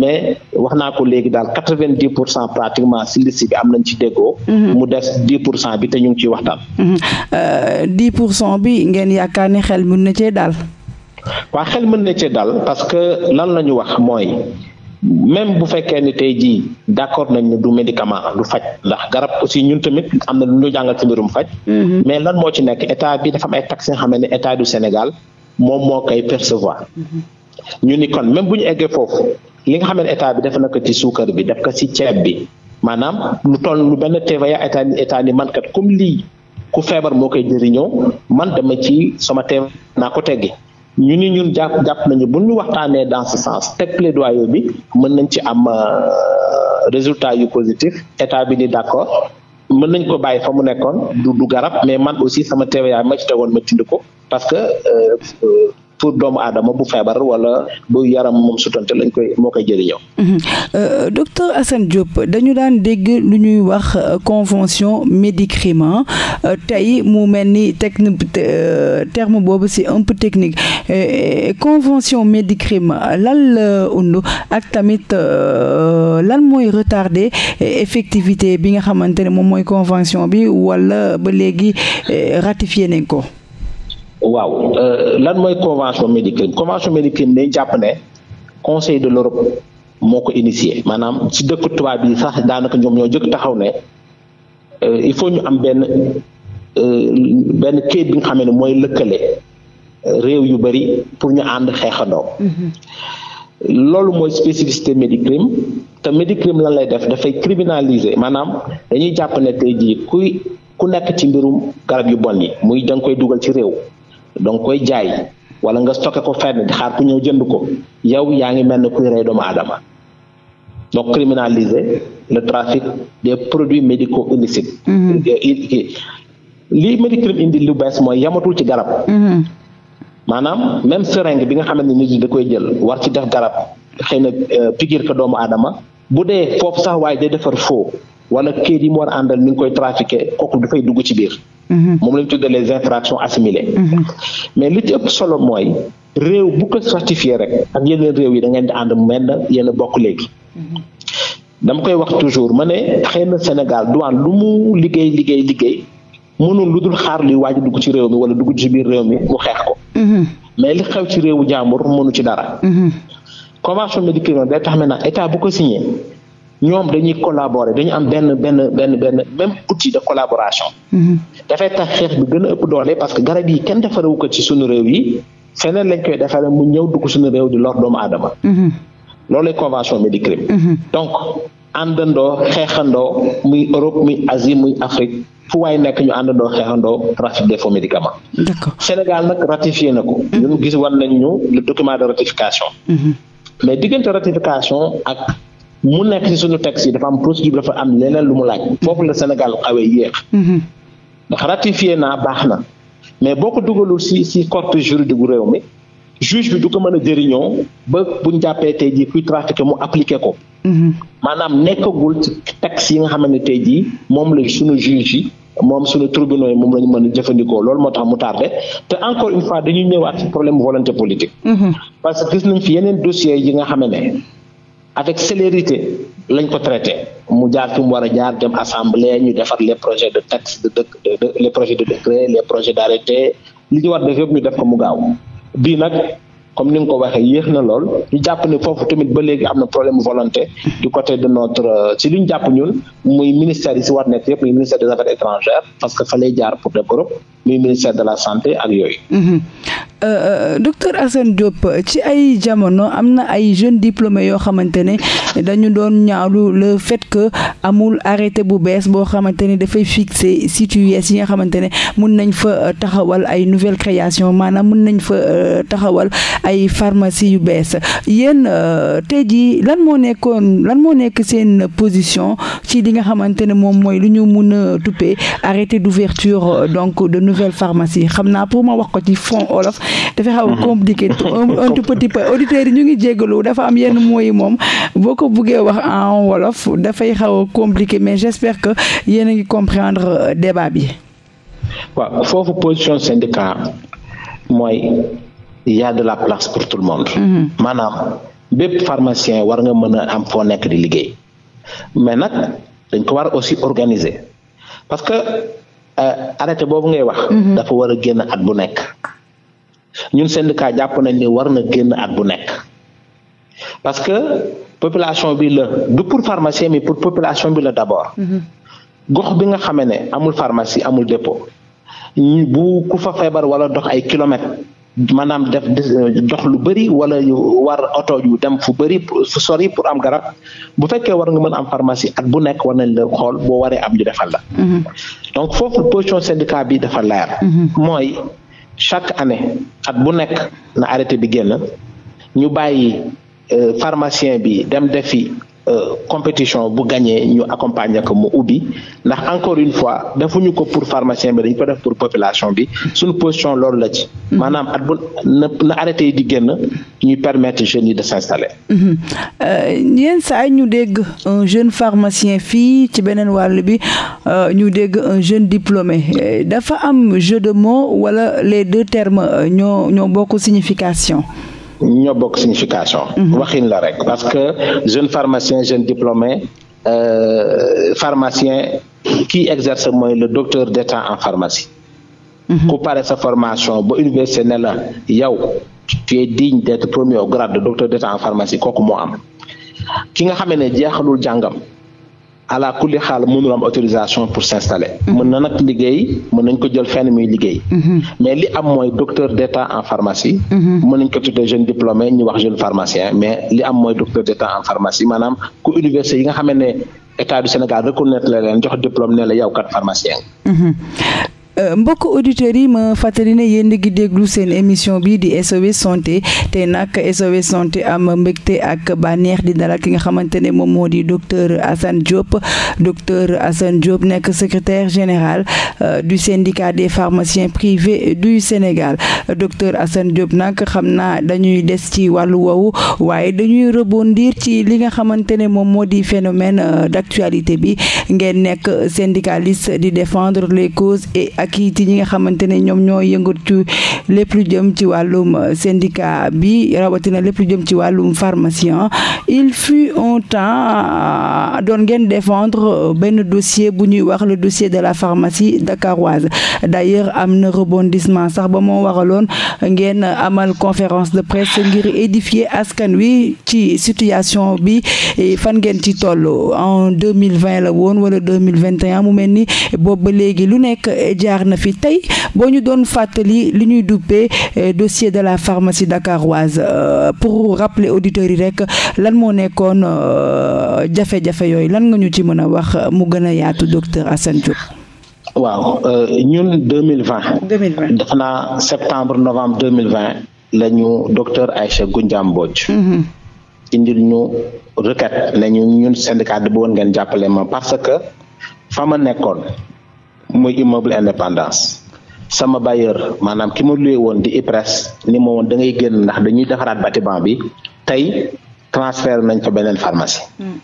mais wax naa ko léegi daal quatre vingt dix pour cent pratiquement si liste bi am nañ ci déggoo. Mhm. mu des dix pour cent bi te ñu ngi ciy waxtaan. Mhm. Euh, dix pour cent bi ngeen yaakaar ne xel mën na cee daal. waa xel mën na cee daal parce que lan la ñu wax mooy. même bu fekkee ni tey jii d'accord nañ du médicament lu faj ndax garab aussi ñun tamit am na lu ñu jàngal ci mbirum faj. Mhm. mais lan moo ci nekk état bi dafa am ay taxes yoo xam ne état du Sénégal moom moo koy percevoir ñu ni kon même bu ñu eggee foofu li nga xam état bi def na ko ci suukar bi def ko ci ceeb bi maanaam lu toll lu benn TVA état état ni man kat comme lii ku feebar moo koy jëriñoo man dama ci sama teew naa ko teggi ñu ni ñun jàpp jàpp nañu bu ñu waxtaanee dans ce sens teg plaidoyer bi mën nañ ci am euh, résultat yu positif état bi ni d'accord mën nañ ko bàyyi fa mu nekkoon du du garab mais man aussi sama TVA ma ci tegoon ma dindi ko parce que euh, euh, pour doomu aadama bu feebar wala bu yaram moom sutante lañ koy moo koy jëriñoo. Mhm. Euh, docteur Assane Diop dañu daan dégg lu ñuy wax euh, convention médicament euh, tey mu mel ni technique terme boobu c'est un peu technique convention médicament lan la undu ak tamit lan mooy retardé effectivité bi nga xamante ne moom mooy convention bi walla ba léegi ratifié nañ ko. waaw euh, lan mooy convention Médicrime convention Médicrime dañ jàpp ne conseil de l'Europe moo ko initié maanaam si dëkk tubaab yi sax daanaka ñoom ñoo jëkk taxaw ne euh, il faut ñu am benn euh, benn kayit bi nga xam ne mooy lëkkale réew yu bari pour ñu ànd xeexandoo. Mm-hmm. loolu mooy spécificité Médicrime te Médicrime lan lay def dafay criminaliser maanaam dañuy jàpp ne tey jii kuy ku nekk ci mbirum garab yu bon yi muy da koy dugal ci réew. donc koy jaay wala nga stocké ko fenn di xaar ku ñëw jënd ko yow yaa ngi mel ne kuy doomu aadama donc criminaliser le trafic des produits médicaux illicites. Mm-hmm. Euh, lii Medicrim indi lu bees mooy yamatul ci garab. Mm-hmm. maanaam même seringue bi nga xamante ni nit ñi da koy jël war ci def garab xëy na euh, piqûre doomu aadama bu dee foofu sax waaye day defar faux wala kayit yi mu war a àndal ni nga koy trafiqué kooku dafay dugg ci biir. Mhm. moom la ñu tuddee les infractions assimilées. Mhm. mais li ci ëpp solo mooy réew bu ko certifié rek ak yeneen réew yi da ngeen di ànd mel na yéen bokk léegi. Mhm. dama koy wax toujours ma ne xëy na Sénégal douane lu mu liggéey liggéey liggéey mënul lu dul xaar li waaj dugg ci réew mi wala dugg ci biir réew mi mu xeex ko. mais li xew ci réewu jàmbur mënu ci dara. convention médicament day tax maintenant état bu ko signé. ñoom dañuy collaborer dañu am benn benn benn benn même da de collaboration. Mm-hmm. dafay tax xeex bi gën a ëpp doole parce que garab yi kenn defarewu ko ci suñu réew yi feneen lañ koy defaree mu ñëw dugg suñu réew di lor doomu aadama. Mm-hmm. loolay convention Médicrim. Mm-hmm. donc àndandoo xeexandoo muy Europe muy Asie muy Afrique. fu waay nekk ñu àndandoo xeexandoo trafic des faux médicaments. Sénégal nag ratifié na ko. ñun gis war nañ document de ratification. mais diggante mu nekk ci suñu texte yi dafa am procédure dafa am leneen lu mu laaj foofu la Sénégal xawee yéex mhm. ndax naa baax na mais boo ko dugalul ci ci corpus juridique bu réew mi juge bi du ko mën jëriñoo ba buñ jàppee te jii kuy trafiqué mu appliqué ko mhm. maanaam nekkagul ci texte yi nga xamante ne moom la suñu juge yi moom suñu tribunaux yi moom la ñu mën a jëfandikoo loolu moo tax mu tardé te encore une fois dañuy ñëwaat ci problème volonté politique mhm. parce que gis nañ fi yeneen dossiers yi nga xam avec célérité lañ ko traité mu jaar fi mu war a jaar dem assemblée ñu defar le projets de texte de dëkk les projet de décret les projet d' li ñu war def yëpp ñu def ko mu gaaw bii nag comme ni nga ko waxee yéex na lool ñu jàpp ne foofu tamit ba léegi am na problème volonté du côté de notre euh, ci li ñu jàpp ñun muy ministère yi si war nekk yëpp muy ministère des affaires étrangères parce que fa lay jaar pour def Europe muy ministère de la santé ak yooyu. Mm-hmm. Euh, euh, docteur Assane Diop ci ay jamono am na ay jeunes diplômés yoo xamante ne dañu doon ñaawlu le fait que amul arrêté bu bees boo xamante ne dafay fixer sites yi nga xamante ne mun nañ fa taxawal ay nouvelles créations maanaam mun nañ fa taxawal. ay pharmacie yu bees yéen euh, tey jii lan moo nekkoon lan moo nekk seen position ci li nga xamante ne moom mooy lu ñu mun a tuppee arrêté d'ouverture euh, donc de nouvelles pharmacies xam naa pour ma wax ko ci fond olof dafay xaw a mhm. compliqué tout petit auditeurs yi ñu ngi jégalu dafa am yenn mooy moom boo ko buggee wax en wolof dafay xaw a compliqué mais j'espère que yéen a ngi comprendre euh, débat bi waaw foofu position syndicat mooy il y a de la place pour tout le monde. Mm-hmm. maanaam bépp pharmacien war mën a am foo nekk di liggéey mais nag dañ ko war aussi organiser parce que euh, arrêté boobu nga wax. Mm-hmm. dafa war a génn at bu nekk. ñun syndicat jàpp nañ ne war na génn at bu nekk parce que population bi la du pour pharmacien mais pour population bi la d'abord. Mm-hmm. gox bi nga xamee ne amul pharmacie amul dépôt bu ku feebar wala dox ay kilomètres. maanaam def dox euh, lu bëri wala ñu war oto yu dem fu bëri fu sori pour am garab bu fekkee war nga mën am pharmacie at bu nekk war nañ la xool boo waree am ñu defal la. Mm-hmm. donc foofu position syndicat bi dafa leer. Mm-hmm. mooy chaque année at bu nekk na arrêté bi a ñu bàyyi euh, pharmacien bi dem defi. Euh, compétition bu gañee ñu accompagner ko mu ubbi ndax encore une fois defuñu ko pour pharmacien bi dañ ko def pour population bi suñu position loolu la ci. Mhm. maanaam at bu na na arrêté yi di génn ñuy permettre jeunes yi de s'installer. Mhm. Euh, yenn saa ñu dégg un jeune pharmacien fii ci beneen wàll bi euh, ñu dégg un jeune diplômé dafa am jeu de mots wala les deux termes ñoo ñoo bokk signification. ñoo bokk signification. Mhm. waxin la rek parce que jeune pharmacien jeune diplômé euh, pharmacien qui exerce mooy le docteur d'état en pharmacie. Mhm. ku pare sa formation ba université ne la yow tu es digne d'être premier au grade de docteur d'état en pharmacie kooku moo am ki nga xame ne jeexalul jàngam. ala kulli xaal mënul am autorisation pour s'installer mhm. mën na nag liggéey mën nañ ko jël fenn muy liggéey mhm. mais li am mooy docteur d'état en pharmacie mhm. mën nañ ko tuddee jeune diplômé ñu wax jeune pharmacien mais li am mooy docteur d'état en pharmacie maanaam ku université yi nga xam ne état du Sénégal reconnaître la leen diplôme ne kat pharmacien Euh, mbokk auditeurs yi ma fàttali ne yéen ngi déglu seen émission bi di SOS santé te nag SOS santé am mbégte ak bànneex di dalal ki nga xamante ne moom moo di docteur assan Diop docteur Assane Diop nekk secrétaire général euh, du syndicat des pharmaciens privés du Sénégal docteur Assane Diop nag xam naa dañuy des ci wàllu woowu waaye dañuy rebondir ci li nga xamante ne moom moo di phénomène euh, d'actualité bi ngeen nekk syndicaliste di défendre les causes et ak it ñi nga xamante ne ñoom ñoo yëngat ci lépp lu jëm ci wàllum euh, syndicat bi rawatina lépp lu jëm ci wàllum pharmacien il fut un temps euh, doon ngeen défendre euh, benn dossier bu ñuy wax le dossier de la pharmacie dakaroise d'ailleurs am na rebondissement sax ba moo waraloon ngeen amal conférence de presse ngir édifier askan wi ci situation bi fan ngeen ci toll en 2020 la woon wala 2021 mu mel ni boobu ba léegi lu nekk eh, jaar na fi tey boo ñu doon fàttali li ñuy duppee eh, dossier de la pharmacie dakaroise euh, pour rappeler auditeurs yi rek lan moo nekkoon euh, jafe-jafe yooyu lan nga ñu ci mën a wax mu gën a yaatu docteur Assane Diop. waaw euh, ñun deux mille vingt. deux mille vingt def naa septembre novembre deux mille vingt la ñu docteur Aïcha Goudia Mbodj. Mm-hmm. indil ñu requête ne ñu ñun syndicat bi bëggoon ngeen jàppale ma parce que fa ma nekkoon muy immeuble indépendance sama bailleur maanaam ki ma luye woon di IPRES ni ma woon da ngay génn ndax dañuy defaraat bâtiment bi tey transfert nañ fa beneen pharmacie. Hmm.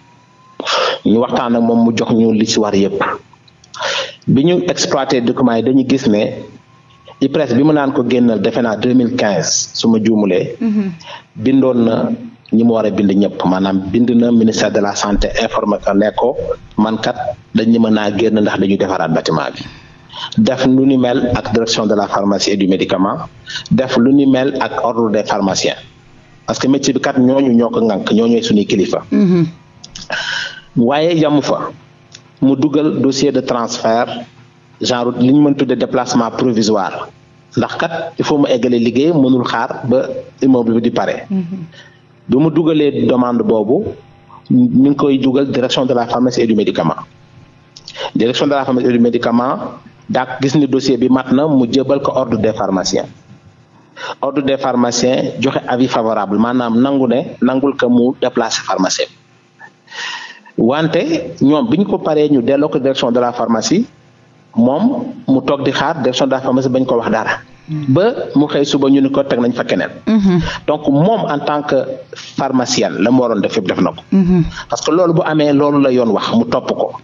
ñu waxtaan ak moom mu jox ñu li ci war yëpp. bi ñu exploité documents yi dañu gis ne IPRES bi mu naan ko génnal defe naa deux mille quinze su ma juumulee. Hmm. bindoon na ñi mu war a bind ñëpp maanaam bind na ministère de la santé informé ko ne ko man kat dañ ni mën naa génn ndax dañu defaraat bâtiment bi def lu ni mel ak direction de la pharmacie et du médicament lu ni parce que métier bi kat ñooñu ñoo ko ŋànk ñoo ñooy suñuy kilifa. Mm-hmm. waaye yamu fa mu dugal dossier de transfert genre li ñu mën tudde déplacement provisoire ndax kat il faut mu eggale liggéey mënul xaar ba immeuble bi mm-hmm. mu dugalee demande boobu ñu ngi koy dugal direction de la pharmacie et du médicament. direction de la pharmacie du médicament daak gis ni dossier bi mat na mu jébal ko ordre des pharmaciens ordre des pharmaciens joxe avis favorable maanaam nangu ne nangul ko mu déplacer pharmacien wante ñoom bi ko paree ñu delloo ko direction de la pharmacie moom mu toog di xaar direction de la pharmacie bañ ko wax dara. Mm-hmm. ba mu xëy suba ñu ni ko teg nañ fa keneen. Mm-hmm. donc moom en tant que pharmacien la mu waroon def fépp def na ko. Mm-hmm. parce que loolu bu amee loolu mu topp ko.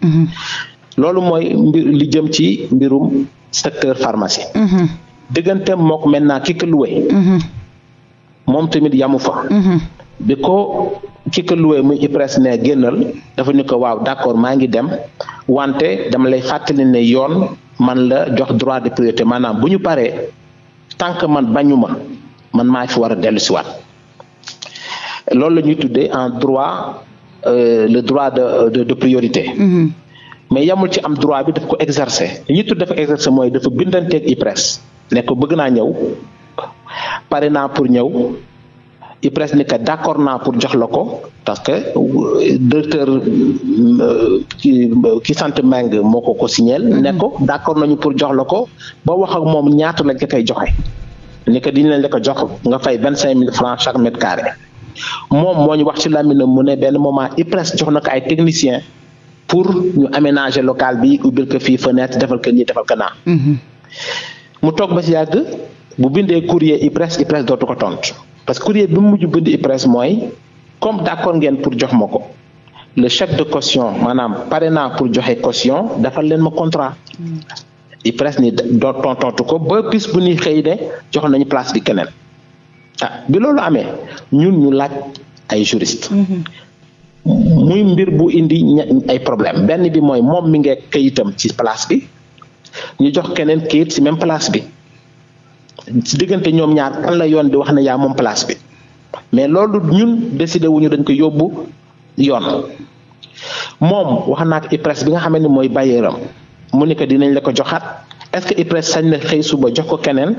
loolu mooy mbir li jëm ci mbirum secteur pharmacie. Mm-hmm. digganteem mook maintenant ki ko luwe. Mm-hmm. moom tamit yamu fa. Mm-hmm. bi ko ki ko luwe muy IPRES ne génnal dafa ni ko waaw d'accord maa ngi dem wante dama lay fàttali ne yoon man la jox droit de priorité maanaam bu ñu paree tant que man bañu ma man maa fi war a dellu si la ñuy tuddee en droit euh, le droit de de, de priorité. mais yamul ci am droit bi def ko exercer li ñuy tudd dafa exercer mooy dafa bindanteeg IPRES ne ko bëgg naa ñëw pare naa pour ñëw IPRES ni que d'accord naa pour jox la ko parce que euh, directeur euh, ki ki sant Meng moo ko ko signeel mm-hmm. ne ko d'accord nañu pour jox la ko ba wax ak moom ñaata lañ ko koy joxe ni que diñ leen la ko jox nga fay vingt cinq mille francs chaque mètre carré moom moo ñu wax ci làmmiñam mu ne benn moment IPRES jox na ko ay technicien pour ñu aménager locale bi ubbil ko fii fenêtre defal ko nii defal ko naa. Mhm. mu toog ba si yàgg bu bindee courrier IPRES IPRES dootu ko tontu parce que courrier bi mu mujj bind IPRES mooy comme d'accord ngeen pour jox ma ko le chèque de costion maanaam pare naa pour joxe caution defal leen ma contrat. Mhm. IPRES ni doo tontu ko ba pis bu ñuy xëy de jox nañu place bi keneen ah bi loolu amee ñun ñu laaj ay juriste. Mhm. muy mbir bu indi ay problème benn bi mooy moom mi ngi kayitam ci place bi ñu jox keneen kayit ci même place bi diggante ñoom ñaar kan yoon di wax na yaa moom place bi mais loolu ñun décidé wuñu dañ ko yóbbu yoon moom wax naa ak IPRES bi nga xam ne mooy bailleur am mu ne ko dinañ la ko joxaat est-ce que IPRES sañ na xëy suba jox ko keneen.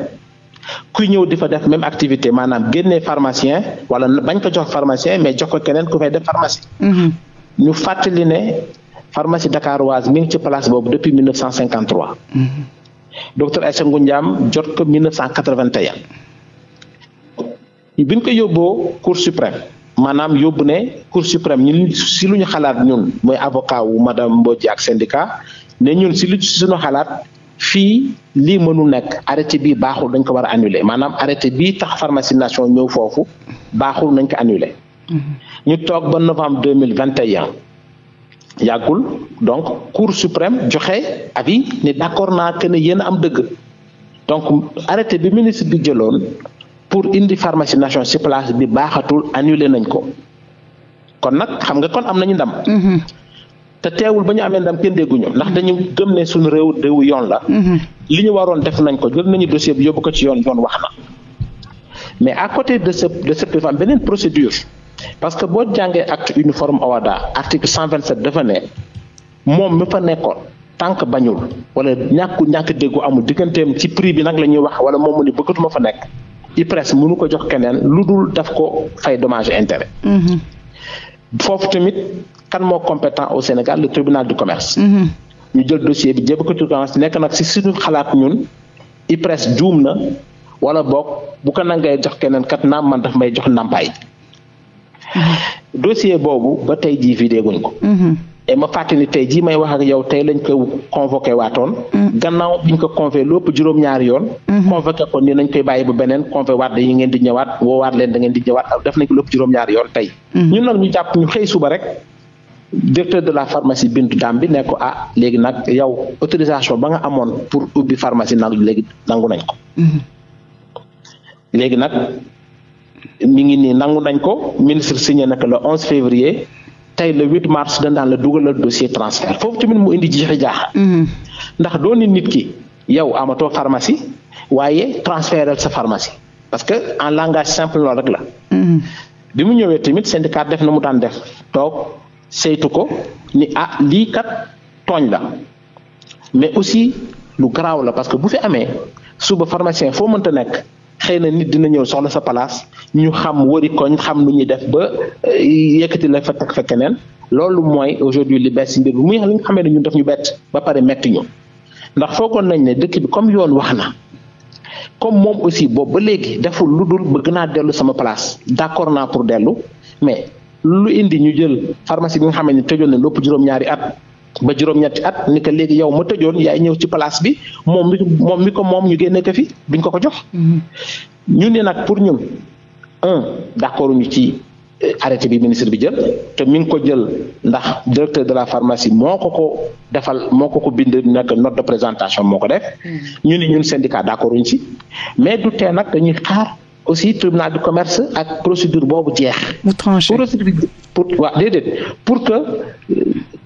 kuy ñëw di fa def même activité maanaam génnee pharmacien wala bañ ko jox pharmacien mais jox ko keneen ku fay def pharmacie. Mhm. ñu fàttali ne pharmacie dakaroise mi ngi ci place boobu depuis 1953. Mhm. docteur Aïssa Ngou Ndiam jot ko 1981. bi ñu ko yóbboo cour suprême maanaam yóbbu ne cour suprême ñun si lu ñu xalaat ñun mooy avocat wu madame Mbodji ak syndicat ne ñun si lu suñu xalaat fii lii mënu nekk arrêté bii baaxul dañ ko war a annuler maanaam arrêté bii tax pharmacie nation ñëw foofu baaxul nañ ko annuler mhm. ñu toog ba novembre deux mille vingt et un yàggul donc cour suprême joxe avis ne d'accord naa que ne yéen am dëgg donc arrêté bi ministre bi jëloon pour indi pharmacie nation ci place bi baaxatul annuler nañ ko kon nag xam nga kon am nañu ndam. Mhm. te teewul ba ñu amee ndam kenn dégguñu ndax dañu gëm ne suñu réew réewu yoon la. Mhm. li ñu waroon def nañ ko jël nañu dossier bi yóbbu ko ci yoon yoon wax na. mais à côté de ce de ce dafa beneen procédure parce que boo jàngee acte uniforme OHADA article 127 dafa ne moom mi fa nekkoon tànk bañul wala ñàkku ñàkk déggu amul digganteem ci prix bi nag la ñuy wax wala moom mu ni bëggatuma fa nekk mu mënu ko jox keneen lu dul daf ko fay domage intérêt. Mhm. foofu tamit kan moo compétent au Sénégal le tribunal du commerce. ñu jël dossier bi jébbal ko tribunal nekk nag si suñu xalaat ñun IPRES juum na wala boog bu ko nangay jox keneen kat naam man daf may jox ndàmpaay. dossier boobu ba tey jii vidé guñ ko. et ma fàttali ni tey jii may wax ak yow tey lañ ko convoqué waatoon. gannaaw biñ ko convoqué lépp juróom-ñaari yoon. convoqué ko ni nañ koy bàyyi bu beneen convoqué waat dañu ngeen di ñëwaat woowaat leen da ngeen di ñëwaat def nañ ko lépp juróom-ñaari yoon tey. Mm-hmm. ñun suba rek. directeur de la pharmacie Bintu Daam bi ne ko ah léegi nag yow autorisation ba nga amoon pour ubbi pharmacie nag léegi nangu nañ ko. Mhm. léegi nag mi ngi nii nangu nañ ko ministre signé na ko le 11 février tey le 8 mars dañ daan la dugalal dossier transfert foofu tamit mu indi jiixi jaaxa. Mhm. ndax doo nit nit ki yow amatoo pharmacie waaye transféral sa pharmacie parce que en langage simple loolu rek la. Mhm. bi mu ñëwee tamit syndicat def na mu daan def toog. saytu ko ni ah lii kat tooñ la mais aussi lu garaaw la parce que bu fi amee suba pharmacien foo mënta nekk xëy na nit dina ñëw soxla sa place ñu xam wari koñ xam lu ñuy def ba eh, yëkkati la fa teg fa keneen loolu mooy aujourd'hui li bees si mbir bi muy li nga xamee ne ñun daf ñu bett ba pare metti ñu ndax foogoon nañ ne dëkk bi comme yoon wax na comme moom aussi boobu ba léegi deful lu dul bëgg naa dellu sama place d'accord naa pour dellu mais lu indi ñu jël pharmacie bi nga xam ne tëjoon na lépp juróom-ñaari at ba juróom-ñetti at ni ko léegi yow ma tëjoon yaay ñëw ci place bi moom mi moom mi ko moom ñu génne ko fi duñ ko ko jox. Mm-hmm. ñu ne nag pour ñun un d'accord ñu ci euh, arrêté bi ministre bi jël te mi ngi ko jël ndax directeur de la pharmacie moo ko ko defal moo ko ko bind nag note de présentation moo ko def. Mm-hmm. ñu ne ñun syndicat d'accord ñu ci mais du tee nag dañuy xaar. aussi tribunal du commerce ak procédure boobu jeex. mu tranché procédure pour waaw déedéet pour que euh,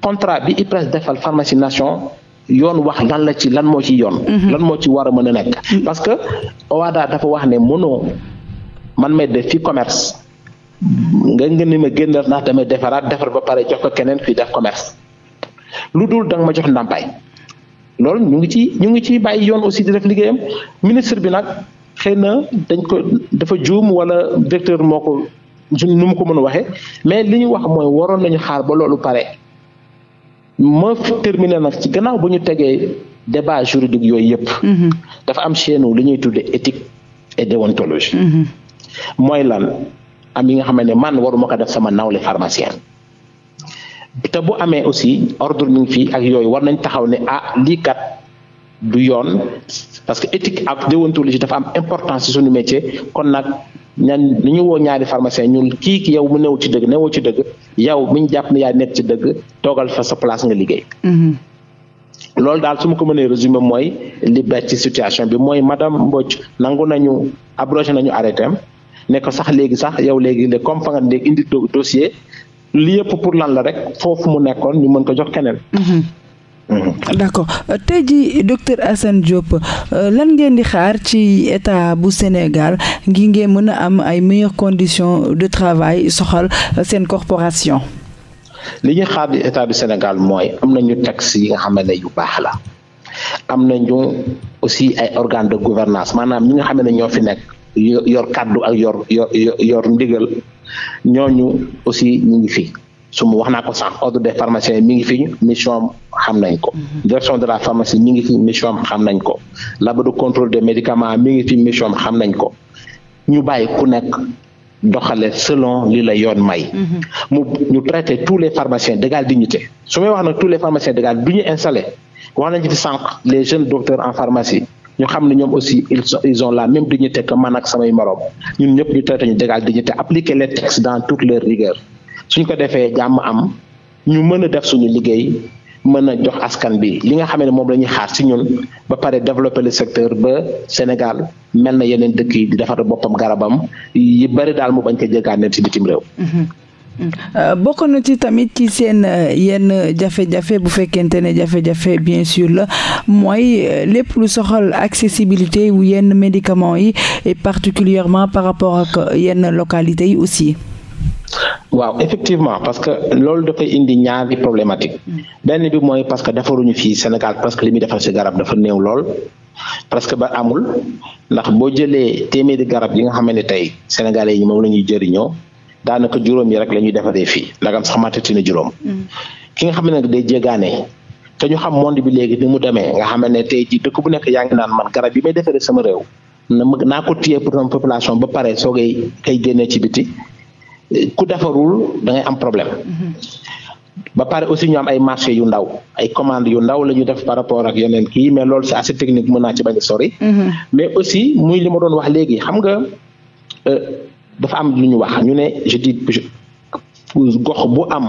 contrat bi IPRES defal pharmacie nation yoon wax lan la ci lan moo ci yoon. Mhm. lan moo ci war a mën a nekk. Mhm. parce que OHADA dafa wax ne mënoo man may def fi commerce. nga ngeen ni ma génnal naa damay defaraat defar ba pare jox ko keneen fii def commerce lu dul danga ma jox ndàmpaay loolu ñu ngi ci ñu ngi ci bàyyi yoon aussi di def liggéeyam ministre bi nag. xëy na dañ ko dafa juum wala directeur moo ko nu mu ko mën a waxee mais li ñu wax mooy waroon nañu xaar ba loolu pare ma terminé nag ci gannaaw bu ñu tegee débat juridique yooyu yëpp. Mm-hmm. dafa am chaîne li ñuy tuddee éthique et déontologie. Mm-hmm. mooy lan am yi nga xam ne man waruma ko def sama nawle pharmacien. te bu amee aussi ordre mi ngi fii ak yooyu war nañ taxaw ne ah lii kat du yoon parce que éthique ak déontologie dafa am importance ci suñu métier kon nag ñan ni ñu woo ñaari pharmacien ñu kii ki yow mu new ci dëgg newul ci dëgg yow mi ñu jàpp yaa nekk ci dëgg toogal fa sa place nga liggéey. Mm-hmm. loolu daal su ma ko mënee résumé mooy li bett ci situation bi mooy madame Mbodj nangu nañu abrogé nañu arrêté nekk sax léegi sax yow léegi le comme fa nga léegi indi dossier li yëpp pour lan la rek foofu mu nekkoon ñu mën ko jox keneen. Mm-hmm. Mm-hmm. d' accord euh, tey jii docteur Assane Diop euh, lan ngeen di xaar ci état bu Sénégal ngi ngeen mën a am ay meilleures conditions de travail soxal seen corporation. li ñuy xaar di état du Sénégal mooy am na nañu taxe yi nga xam yu baax la am nañu aussi ay organes de gouvernance maanaam ñi nga xam ne ñoo fi nekk yor kàddu ak yor yor yor ndigal ñooñu aussi ñu ngi fi. suma wax naa ko sànq ordre des pharmaciens mi ngi fi mission xam nañ ko. Mhm. de la pharmacie mi ngi fi mission xam nañ ko. labo de contrôle des médicaments mi ngi fi mission xam nañ ko ñu bàyyi ku nekk doxale selon li la yoon may. Mhm. mu ñu traité tous les pharmaciens d'égale dignité su may wax nag tous les pharmaciens d'égale du ñu installé wax nañ ci sànq les jeunes en pharmacie. ñu xam ne ñoom aussi ils sont la même dignité que man samay moroom ñun ñëpp ñu traité ñu d'égale dignité appliquer les textes dans toute suñ ko defee jàmm am ñu mën a def suñu liggéey mën a jox askan bi li nga xam ne moom la ñuy xaar ci ñun ba pare développer le secteur ba Sénégal mel na yeneen dëkk yi di defar boppam garabam yi bëri daal mu bañ ko jéggaane si bitim réew. Mhm. Euh, bokk na ci tamit ci seen euh, yenn jafe-jafe bu fekkente ne jafe-jafe bien sûr la mooy euh, lépp lu soxal accessibilité wu yenn médicament yi et particulièrement par rapport ak yenn localités yi aussi. waaw effectivement parce que loolu dafay indi ñaari problématique benn bi mooy parce que defaruñu fii Sénégal presque li muy defar ci garab dafa néew lool presque ba amul ndax boo jëlee téeméeri garab yi nga xamante ne tey sénégalais yi moom la ñuy jëriñoo daanaka juróom yi rek la ñuy defaree fii ndagam sax matati na juróom. Mm. ki nga xam ne nag day jéegaane te ñu xam monde bi léegi ni mu demee nga xam ne tey jii bu nekk yaa ngi naan man garab yi may defaree sama réew na naa ko téye pour sama population ba par soogay kay génnee ci ku defarul da am problème. Mhm. ba pare aussi ñu am ay marché yu ndaw ay commande yu ndaw la ñu def par rapport ak yeneen kii mais loolu c'est assez technique mën naa ci bañ a sori. Mhm. mais aussi muy li ma doon wax léegi xam nga euh, dafa am lu ñu wax ñu ne je dis gox bu am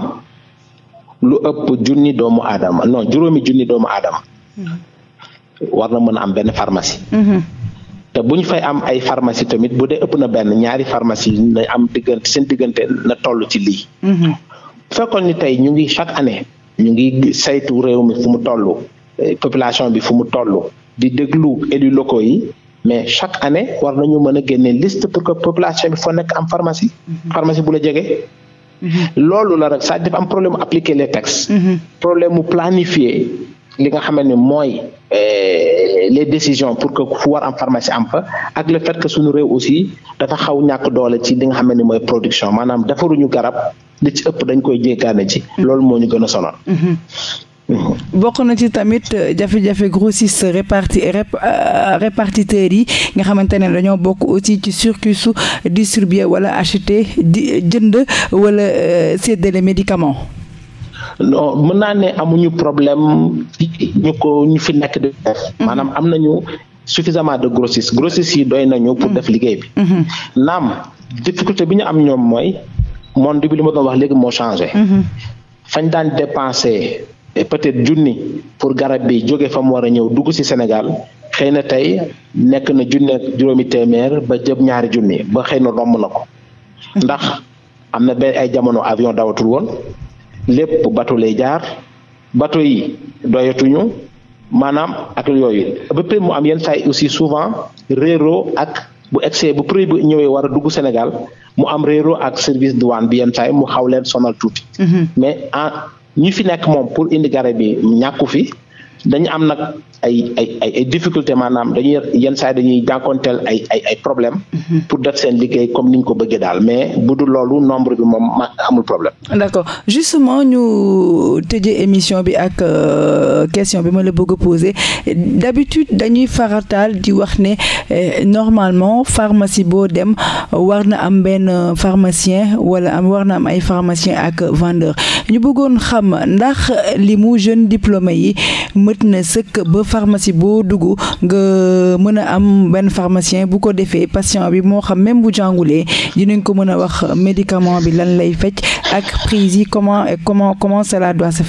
lu ëpp junni doomu aadama non juróomi junni doomu aadama. Mhm. war na mën a am benn pharmacie. te bu ñu fay am ay pharmacie tamit bu dee ëpp na benn ñaari pharmacie na am diggante seen diggante na toll ci lii bu mhm. fekkoon ni tey ñu ngi chaque année ñu ngi saytu réew mi fu mu toll eh, population bi fu mu toll di déglu élus yi mais chaque année war ñu mën a génne liste pour que population bi foo nekk am pharmacie mhm. pharmacie bu la jege mhm. loolu la rek ça dafa am problème appliquer les textes problème mu planifier li nga xamante ni mooy euh, les décisions pour que fu war am pharmacie am fa ak le fait que suñu réew aussi dafa xaw ñàkk doole ci li nga xamante ni mooy production maanaam ñu garab li ci ëpp dañ koy jéggaane ci mm-hmm. loolu moo ñu gën a sonal mm-hmm. Mm-hmm. bokk na ci tamit euh, jafe-jafe grossiste euh, répartiteur yi nga xamante ne dañoo bokk aussi ci circuit su distribuer wala acheter di jënd wala séddale médicament non mën naa ne amuñu problème ñu ko ñu fi nekk di mhm. maanaam am nañu suffisamment de grossistes grossistes yi doy nañu pour mhm. def liggéey bi mhm. naam difficulté bi ñu am ñoom mooy monde bi li ma wax léegi moo changé fañ daan dépenser peut-être junni pour garab bi jóge fa mu war a ñëw dugg ci Sénégal xëy na tey nekk na junne juróomi téeméer ba jëm ñaari junni ba xëy na romb na ko ndax am na benn ay jamono avion dawatul woon lépp bateau lay jaar bateau yi doyatuñu maanaam ak yooyu ba pare mu am yenn saa aussi souvent réero ak bu excès bu prix bu ñëwee war a dugg Sénégal mu am réero ak service douane bi yenn saa mu xaw leen sonal tuuti. Mhm. mais en ñi moom pour indi garab bi ñàkku fi. dañu am nag ay ay ay ay difficulté maanaam dañuy yenn saa dañuy jànkonteel ay ay ay problème mhm. pour def seen liggéey comme ni ñu ko bëggee daal mais bu dul loolu nombre bi moom ma amul problème. d'accord justement ñu tëjee émission bi ak euh, question bi ma la bëgg a poser d'habitude dañuy farataal di wax ne eh, normalement pharmacie boo dem war na am benn pharmacien wala am war na am ay pharmacien ak vendeur ñu bëggoon xam ndax li mu jeune diplômé yi. mët na sëkk ba pharmacie boo dugg nga mën a am benn pharmacien bu ko defee patient bi moo xam même bu jàngulee dinañ ko mën a wax médicament bi lan lay faj ak prise yi comment comment comment cela doit se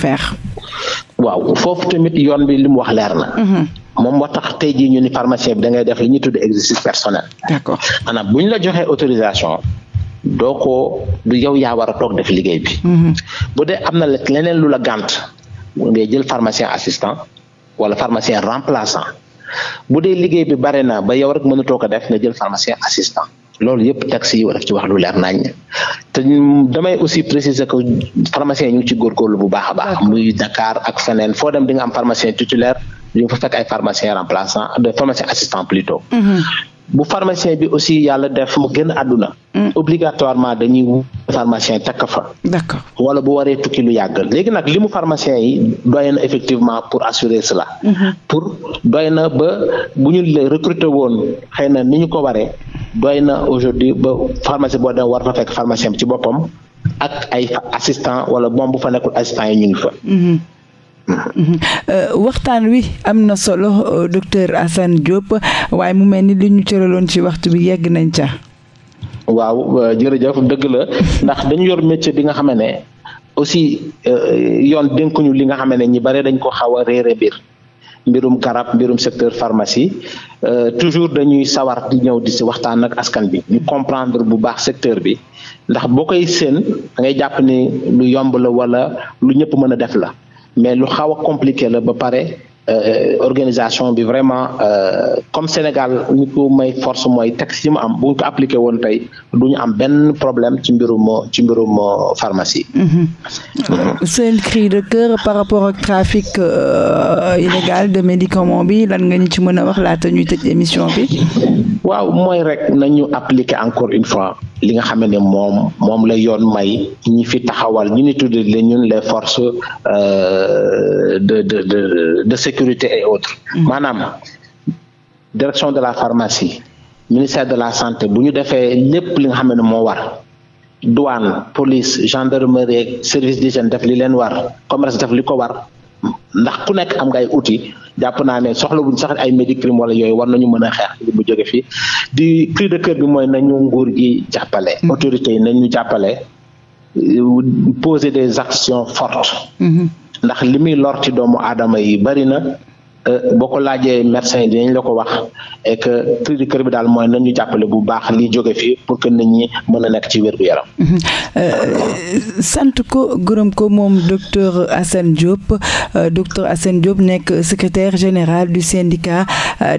waaw foofu tamit yoon bi li mu wax leer na. Mhm. moom moo tax tey jii ñu ni pharmacien bi da ngay def li ñuy tudd exercice personnel. d'accord maanaam ñu la joxee autorisation. doo du yow yaa war a toog def liggéey bi. Mhm. bu dee am na leneen lu la gànt. ngay jël pharmacien assistant wala pharmacien remplaçant bu dee liggéey bi bare na ba yow rek mënutoo ko def nga jël pharmacien assistant loolu yëpp taxi yi war def wax lu leer nañ te damay aussi préciser que pharmacien ñu ngi ci góorgóorlu bu baax a baax muy Dakar a feneen foo dem di nga am pharmacien titulaire di nga fa fekk ay pharmacien remplaçant de pharmacien assistant to bu pharmacien bi aussi yàlla def mu gën àdduna. Mm. obligatoirement dañuy wu pharmacien takk fa. d'accord wala bu waree tukki lu yàgg léegi nag li mu pharmacien yi doy na effectivement pour assurer la mm-hmm. pour doy na ba bu ñu recruter woon xëy na ni ñu ko waree doy na aujourd'hui ba pharmacie boo dem war fa fekk pharmacien bi ci boppam ak ay assistant wala moom bu fa nekkul assistant yi ñu ngi fa. Mm-hmm. Euh, waxtaan wi am na solo euh, docteur Assane Diop waaye mu mel ni li ñu cëraloon ci waxtu bi yegg nañ ca. waaw euh, jërëjëf dëgg la ndax dañu yor métier bi nga xam ne aussi yoon dénkuñu li nga xam ne ñi bare dañ ko xaw a réere biir mbirum garab mbirum secteur pharmacie toujours dañuy sawar di ñëw di si waxtaan ak askan bi ñu comprendre bu baax secteur bi ndax boo koy seen da ngay jàpp ni lu yomb la wala lu ñëpp mën a def la. mais lu xaw a compliqué la ba pare Euh, organisation bi vraiment euh, comme Sénégal ñu ko may force mooy texte yi mu am bu ñu ko appliqué woon tey du ñu am benn problème ci mbirum ci mbirum pharmacie. Mhm. Mhm. seen cri de cœur par rapport ak trafic euh, illégal de médicaments bi lan nga ci mën a wax laata ñuy tëj émission bi. waaw mooy rek nañu appliquer encore une fois li nga xam ne moom moom la yoon may ñi fi taxawal ñu ni tuddee leen ñun les forces de de de de sécurité et autres. Mm. maanaam direction de la pharmacie ministère de la santé bu ñu defee lépp li nga xam ne moo war. douane police gendarmerie service d'hygiène def li leen war commerce def li ko war ndax ku nekk am nga ay outils jàpp naa ne soxla buñ sax ay médicrime wala yooyu war nañu mën a xeex li mu jóge fii di cri de kër bi mooy ñu nguur gi jàppale mm. autorités yi ñu jàppale euh, poser des actions fortes mm-hmm. ndax li muy lor ci doomu aadama yi bari na Euh, boo ko laajee médecin yi dinañ la ko wax et que cri bi daal mooy nañu jàppale bu baax li jóge fii pour que nit ñi mën a nekk ci wér gu yaram. Mhm. Euh, sant ko gërëm ko moom docteur Assane Diop euh, docteur Assane Diop nekk secrétaire général du syndicat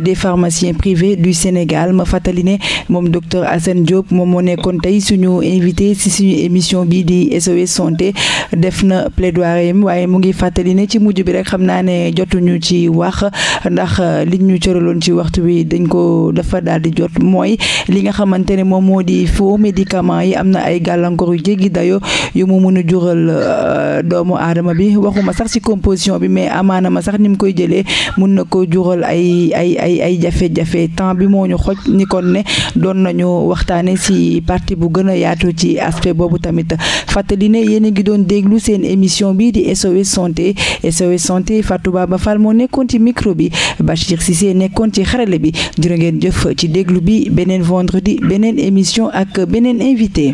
des pharmaciens privés du Sénégal ma fàttali ne moom docteur Assane Diop moom moo nekkoon tey suñu invité si suñu émission bi di SOS santé def na plaidoirie waaye mu ngi fàttali ne ci mujj bi rek xam naa ne jotuñu ci wax. baax ndax eh, li ñu cëraloon ci waxtu wi dañ ko dafa daal di jot mooy li nga xamante ne moom moo di faux médicament yi am na ay gàllankoor yu jéggi dayoo yu mu mun a jural eh, doomu aadama bi waxuma sax ci composition bi mais amaana ma sax ni mu koy jëlee mun na ko jural ay ay ay ay jafe-jafe temps bi moo ñu xoj ni kon ne doon nañu waxtaane ci partie bu gën a yaatu ci aspect boobu tamit fàttali ne yéen a ngi doon déglu seen émission bi di SOS santé SOS santé Fatou Baba micro bi Bachir Cissé nekkoon ci xarale bi jërë ngeen jëf ci déglu bi beneen vendredi beneen émission ak beneen invité